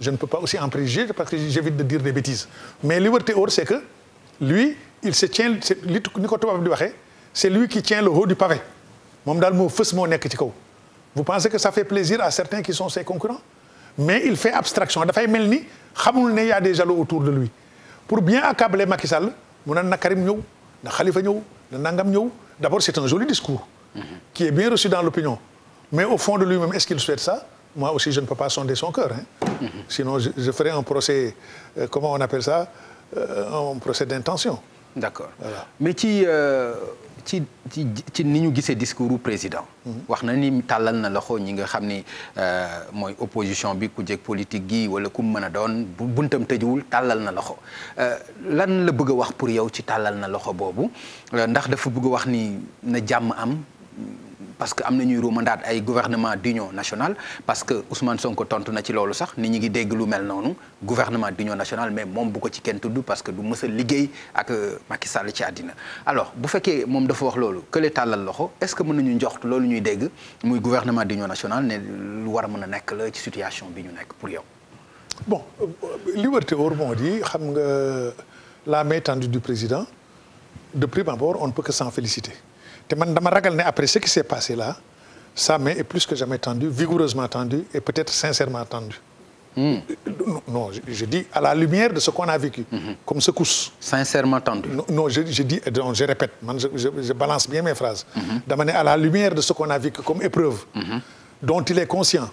Je ne peux pas aussi en préjuger parce que j'évite de dire des bêtises. Mais li wër c'est que lui, il se tient li ni ko tubaab di waxee c'est lui qui tient le haut du pavé moom daal moo fës moo nekk ci kaw. Vous pensez que ça fait plaisir à certains qui sont ses concurrents? Mais il fait abstraction mel ni xamul ne des jaloux autour de lui pour bien accabler Macky Sall mu naan na Karim ñëw na Khalifa ñëw na Nangam ñëw. D'abord, c'est un joli discours mm -hmm. qui est bien reçu dans l'opinion. Mais au fond de lui-même, est-ce qu'il souhaite ça Moi aussi, je ne peux pas sonder son cœur. Hein. Mm -hmm. Sinon, je, je, ferai un procès, euh, comment on appelle ça euh, Un procès d'intention. D'accord. Voilà. Mais qui, euh, ci ci ci ni ñu gisee discours u président. Mm-hmm. wax na ni tàllal na loxo ñi nga xam ni euh, mooy opposition bi ku jég politique gi wala ku mën a doon bu buntam tëjuwul tàllal na loxo euh, lan la bëgg wax pour yow ci tàllal na loxo boobu euh, ndax dafa bëgg wax ni na jàmm am. parce que am na ñuy ruumandaat ay gouvernement d'union nationale parce que Ousmane Sonko tontu na ci loolu sax nit ñi ngi dégg lu mel noonu gouvernement d'union nationale mais moom bu ko ci kenn tudd parce que du mës liggéey ak euh, Macky Sall ci àddina alors bu fekkee moom dafa wax loolu kële tàllal loxo est-ce que mën nañu njoxtu loolu ñuy dégg muy gouvernement d'union nationale ne lu war a mën a nekk la ci situation bi ñu nekk pour yow. bon euh, liberté hors monde yi xam nga la main tendue président de prime abord on ne peut que te man dama ragal ne après ce qui s'est passé là sa main est plus que jamais tendue vigoureusement tendue et peut-être sincèrement tendue. Hmm. non je, dis à la lumière de ce qu'on a vécu. Mmh. comme secousse. sincèrement tendu. non, je, répète man je, je balance bien mes phrases. Mmh. ne à la lumière de ce qu'on a vécu comme épreuve. Hmm. dont il est conscient.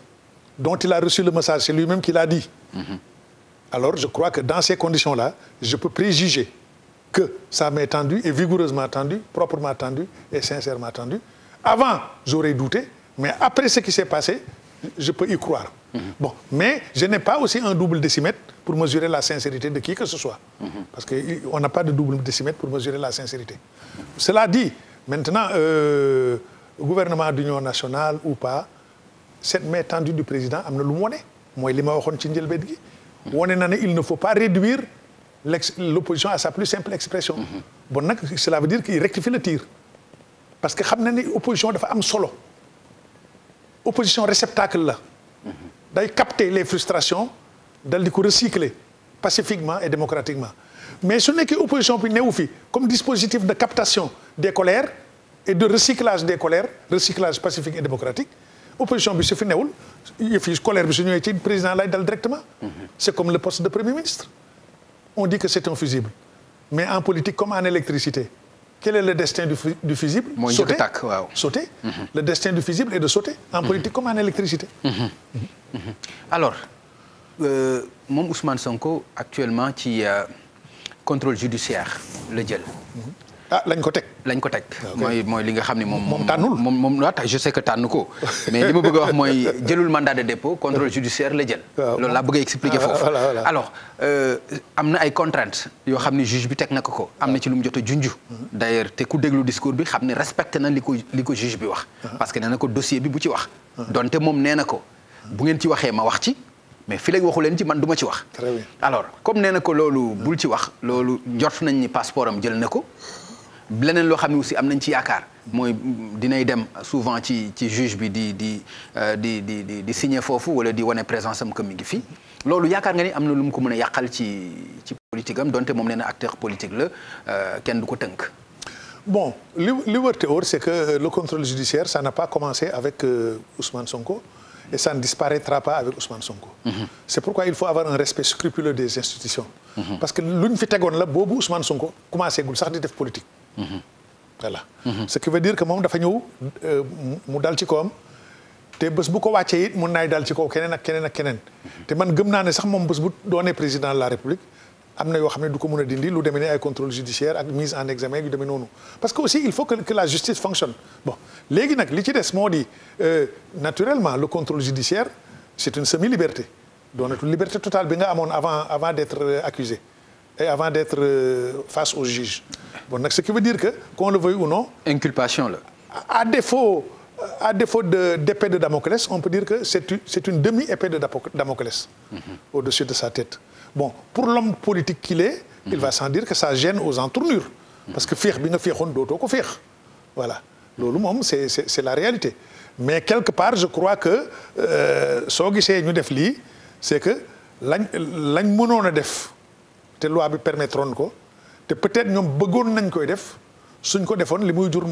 dont il a reçu le message c'est lui-même qui l'a dit. Hmm. alors je crois que dans ces conditions-là je peux préjuger. que ça m'est tendu et vigoureusement tendu, proprement tendu et sincèrement tendu. Avant, j'aurais douté, mais après ce qui s'est passé, je peux y croire. Mm -hmm. Bon, mais je n'ai pas aussi un double décimètre pour mesurer la sincérité de qui que ce soit. Mm -hmm. Parce qu'on n'a pas de double décimètre pour mesurer la sincérité. Mm -hmm. Cela dit, maintenant, euh, gouvernement d'union nationale ou pas, cette main tendue du président, amna lu mu wone mooy li ma waxoon ci njëlbeen gi. Mhm. wone na ne il ne faut pas l'opposition à sa plus simple expression. Mhm. bon nag cela veut dire qu'il rectifie la tir. parce que xam na ni opposition dafa am solo. opposition réceptacle la. Mhm. day capter les frustrations dal di ko recycler pacifiquement et démocratiquement mais su nekkee opposition bi newu fi comme dispositif de captation des colères et de recyclage des colères recyclage pacifique et démocratique opposition bi su fi newul yëf yi colère bi su ñëwee président lay dal directement. Mhm. comme le poste de premier on dit que c'est un fusible mais en politique comme en électricité quel est le destin du, du fusible mooy njëkk a tàkk waaw sauter mhm. le destin du fusible est de sauter en mhm. politique comme en électricité mhm. alors euh, moom Ousmane Sonko actuellement ci euh, contrôle judiciaire la jël ah lañ ko teg. lañ ko teg ah, mooy mooy li nga xam ne moom. moom tànnul moom moom waaw tax je sais que tànn ko mais li ma bëgg a wax mooy jëlul mandat de dépôt contrôle judiciaire la jël. Ah, loolu laa bëgg a expliquer ah, foofu. alors euh, am na ay contraintes yoo xam ne juge bi teg na ko ko am na ci lu mu jot a junj. d' ailleurs te ku déglu discours bi xam ne respecté na li ko li ko juge bi wax. parce que nee na ko dossier bi bu ci wax. donte moom nee na ko bu ngeen ci waxee ma wax ci. mais fii léegi waxu leen ci man du ma ci wax. alors comme nee na ko loolu bul ci wax loolu njort nañ ni passeport am jël na ko leneen loo xam ne aussi am nañ ci yaakaar mooy dinay dem souvent ci ci juge bi di di euh, di di di di signer foofu wala di wane présence am que mi ngi fi loolu yaakaar nga ni am na lu mu ko mën yàqal ci ci politique am donte moom nee na acteur politique la euh, kenn du ko tënk. bon li li wër te wër c'est que euh, le contrôle judiciaire ça n'a pas commencé avec euh, Ousmane Sonko et ça ne disparaîtra pas avec Ousmane Sonko. Mhm. c'est pourquoi il faut avoir un respect scrupuleux des institutions. Mhm. parce que luñ fi tegoon la boobu Ousmane Sonko commencé gul sax di def politique. voilà. Mm-hmm. Mm-hmm. ce qui veut dire que moom dafa ñëw euh, mu dal ci kawam te bés bu ko wàccee it mun naay dal ci kow keneen ak keneen ak keneen. Mm-hmm. te man gëm naa ne sax moom bés bu doonee président de la république am na yoo xam ne du ko mun a dindi lu demee ni ay contrôle judiciaire ak mise en examen yu demee noonu. parce que aussi il faut que que la justice fonctionne léegi nag li ci des moo di euh, naturellement le contrôle judiciaire c'est une semi-liberté doonatul liberté totale bi nga amoon avant avant d'être euh, accusé et avant d'être face au juge. bon nag ce qui veut dire que qu'on le veuille ou non. inculpation la. à défaut à défaut de de Damoclès on peut dire que c'est une c'est une demi épée de Damoclès. Mm -hmm. au-dessus de sa tête bon pour l'homme politique qu'il est. il mhm. va sans dire que ça gêne aux entournures. parce que mhm. féex bi nga féexoon dootoo ko féex voilà loolu moom c'est c'est c'est la réalité mais quelque part je crois que euh, soo gisee ñu def lii c'est que lañ lañ mënoon a def te loi bi permettre ko. te peut-être ñoom bëggoon nañ koy def suñ ko defoon li muy jur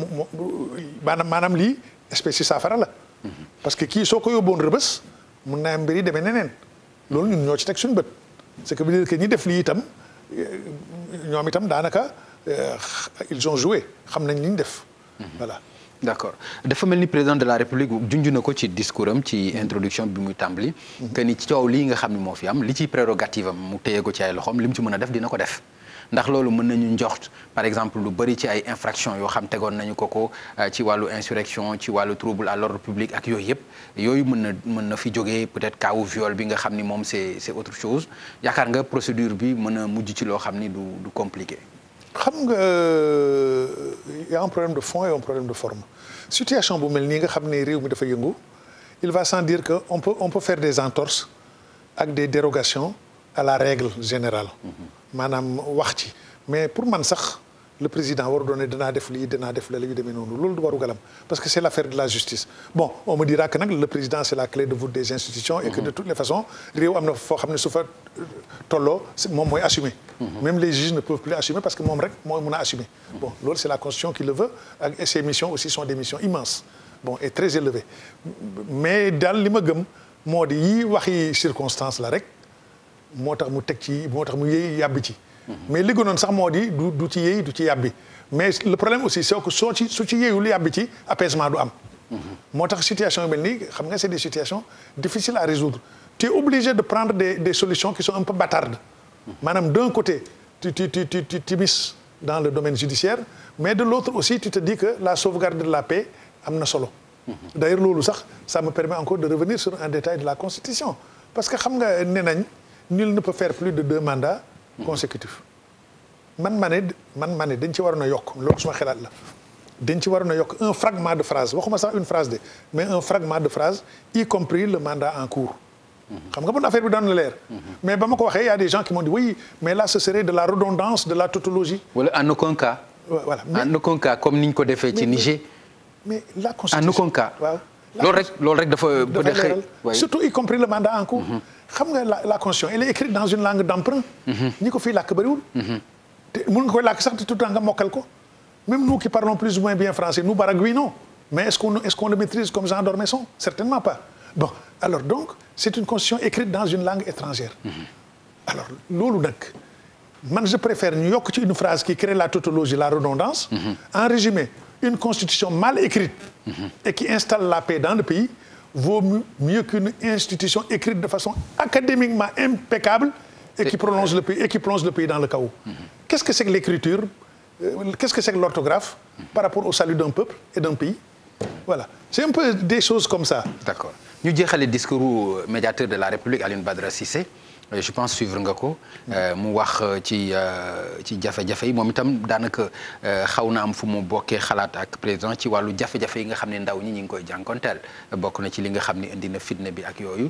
maanaam maanaam lii espèce yi saafara la. Mhm. parce que kii soo ko yóbboon rëbës mun naa mbir yi demee neneen. loolu ñoo ci teg suñu bët. ce qui veut dire que def lii itam euh, ñoom itam daanaka euh, ils ont joué xam nañ li ñu def. Mhm. voilà. d' accord dafa mel ni président la république junj na ko ci discours am ci introduction bi muy tàmbali. Mhm. que ni coow lii nga xam ne moo fi am li ci prérogative am mu téye ko ci ay loxoom li mu ci mën a def dina ko def. ndax loolu mën nañu njox par exemple lu bëri ci ay infraction yoo xam tegoon nañu ko ko euh, ci wàllu insurrection ci wàllu trouble à l'ordre public ak yooyu yëpp yooyu mën na mën na fi jógee peut-être kaawu viol bi nga xam ni moom c'est c'est autre chose yaakaar nga procédure bi mën a mujj ci loo xam ni du du compliqué xam nga euh, y a problème de fond et un problème de forme situation bu mel nii nga xam ne réew mi dafa yëngu il va sans dire que on peut on peut faire des entorses ak des dérogations à la règle générale mm-hmm. maanaam wax ci mais pour man sax le président war doone danaa def lii danaa def la yu demee noonu loolu du waru galam parce que c'est l'affaire de la justice bon on me dira que nag le président c'est la clé de voûte des institutions et que de mhm. toutes les façons réew am na foo xam ne su fa euh, tolloo moom mooy assumer mhm. même les juges ne peuvent plus assumer parce que moom rek mooy mun a assumer mhm. bon loolu c'est la constitution qui le veut ak et ces missions aussi sont des missions mais daal li ma gëm moo di yii waxi circonstance la rek moo tax mu teg ci moo tax mu yëy yàbbi ci mais li gënoon sax moo di du du ci du ci yàbbi mais le problème aussi c'est que soo ci su ci yëyul yàbbi ci apaisement du am moo tax situation yu mel nii xam nga c'est des situations difficiles à résoudre tu es obligé de prendre des des solutions qui sont un peu maanaam d'un côté tu tu tu tu dans le domaine judiciaire mais de l'autre aussi tu te dis que la sauvegarde de la paix am na solo d'ailleurs loolu sax ça me permet encore de revenir sur un détail de la constitution parce que xam nga nee nañ nul ne peut faire plus de deux mandats consécutifs man ma ne man ma ne dañ ci waroon a yokk loolu suma xalaat la dañ ci waroon a yokk un fragment de phrase waxuma sa une phrase de mais un fragment de phrase y compris le mandat en cours xam nga bon affaire bi daan na leer mais ba ma ko waxee y a des gens qui m'ont dit oui mais là ce serait de la redondance de la tautologie wala en aucun cas voilà en aucun cas comme niñ ko defee ci Niger mais la constitution en aucun cas waaw loolu rek loolu rek dafa dafa surtout y le mandat en xam nga la la constitution elle est écrite dans une langue d'emprunt. ñi ko fii làkk bëriwul. te mën nga koy làkk sax te tout temps ko même nous qui parlons plus ou moins bien français nous baragouinons mais est-ce qu'on est-ce qu'on le maîtrise comme Jean d'Ormesson certainement pas bon alors donc c'est une constitution écrite dans une langue étrangère. alors loolu nag man je préfère ñu yokk ci une phrase qui crée la tautologie la redondance. en résumé une constitution mal écrite. et qui installe la paix dans le pays. vaut mieux qu'une institution écrite de façon académiquement impeccable et qui prononce euh, le pays qui plonge le pays dans le chaos. Mm Qu'est-ce que c'est que l'écriture? Euh, qu'est-ce que c'est que l'orthographe mm-hmm. par rapport au salut d'un peuple et d'un pays? Voilà, c'est un peu des choses comme ça. D'accord. ñu jeexale discours médiateur de la République Alioune Badara Cissé. Euh, je pense suivre nga ko euh, mu wax euh, ci ci jafe-jafe yi moom itam daanaka xaw na am fu mu bokkee xalaat ak président ci wàllu jafe-jafe nga xam ne ndaw ñi ñu ngi koy jànkonteel bokk na ci li nga xam ne indi na fitna bi ak yooyu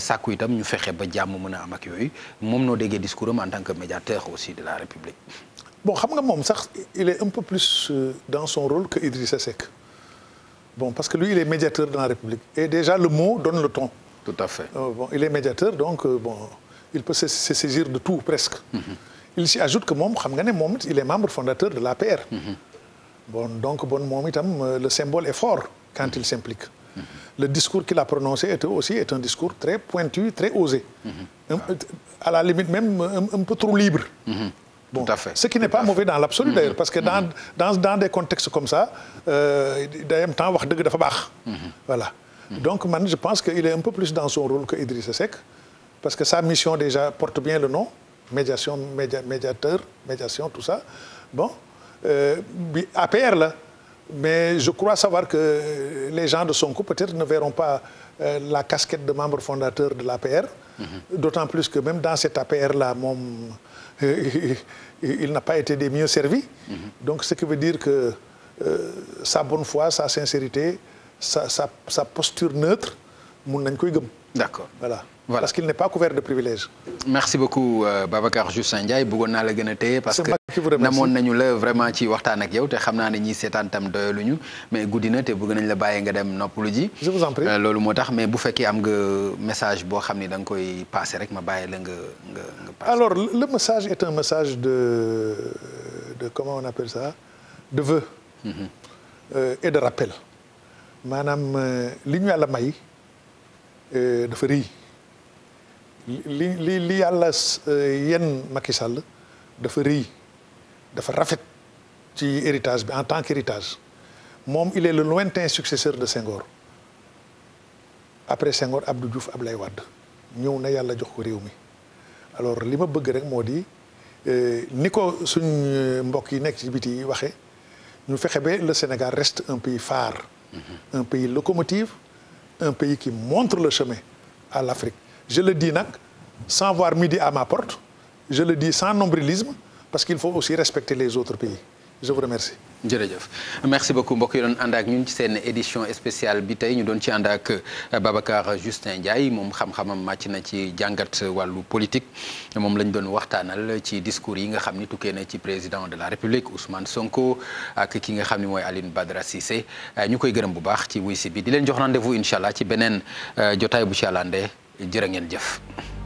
sàkku itam ñu fexe ba jàmm mën a am ak yooyu moom noo déggee discours am en tant que médiateur aussi de la République. bon xam nga moom sax il est un peu plus dans son rôle que Idrissa Seck bon parce que lui il est médiateur de la République il peut se, se saisir de tout presque. Mm -hmm. il s'y ajoute que moom xam nga ne moom it il est membre fondateur de l'APR. Mm -hmm. bon donc bon moom itam euh, le symbole est fort quand il s'implique. le discours qu'il a prononcé aussi est un discours très pointu très osé. Un, à la limite même un, un peu trop libre. Bon, tout ce qui n'est pas mauvais dans l'absolu d'ailleurs parce que dans dans dans des contextes comme ça euh, day am temps wax dëgg dafa baax. voilà donc man je pense que il est un peu plus dans son rôle que Idrissa parce que sa mission déjà porte bien le nom médiation média médiateur médiation tout ça bon euh, bi euh, APR la mais je crois savoir que les gens de Sonko peut-être ne verront pas euh, la casquette de membre fondateur de l'APR mm -hmm. d'autant plus que même dans cette APR là moom euh, il n'a pas été des mieux servi mhm. donc ce qui veut dire que euh, sa bonne foi sa sincérité sa sa posture neutre mun nañ koy gëm d'accord voilà. voilà parce qu'il n'est pas couvert de privilèges. merci beaucoup euh, Babacar Justin Ndiaye bëggoon naa la gën a téye parce que namoon nañu la vraiment ci waxtaan ak yow te xam naa ne ñiy seetaan tam doyaluñu mais guddi na te bëgg nañ la bàyyi nga dem noppalu ji. je vous en prie euh, loolu moo tax mais bu fekkee am nga message boo xam ni danga koy passé rek ma bàyyi la nga nga nga. passé alors le message est un message de de comment on appelle ça de vœu. Mm-hmm. Euh, et de rappel maanaam euh, li ñu yàlla may. Euh, dafa rëy li li li yàlla euh, yenn Macky Sall dafa rëy dafa rafet ci héritage bi en tant qu'héritage moom il est le lointain successeur de Senghor après Senghor Abdou Diouf Ablaye wàdd ñëw na yàlla jox ko réew mi alors li ma bëgg rek moo di euh, ni ko suñ mbokk yi nekk ci biti yi waxee ñu fexe ba le Sénégal rest un pays phare mhm. un pays locomotive un pays qui montre le chemin à l'Afrique je le dis nag sans voir midi à ma porte je le dis sans nombrilisme parce qu'il faut aussi respecter les autres pays je vous jërëjëf merci beaucoup mbokk yi doon ànd ak ñun ci seen édition spéciale bi tey ñu doon ci ànd ak euh, Babacar Justin Ndiaye moom xam-xamam màcc na ci jàngat wàllu politique moom lañu doon waxtaanal ci discours yi nga xam ni tukkee na ci président de la République Ousmane Sonko ak ki nga xam ni mooy alin badra Cissé euh, ñu koy gërëm bu baax ci wuy si bi di leen jox rendez-vous incha allah ci beneen euh, jotaay bu ci àllande jërë ngeen jëf.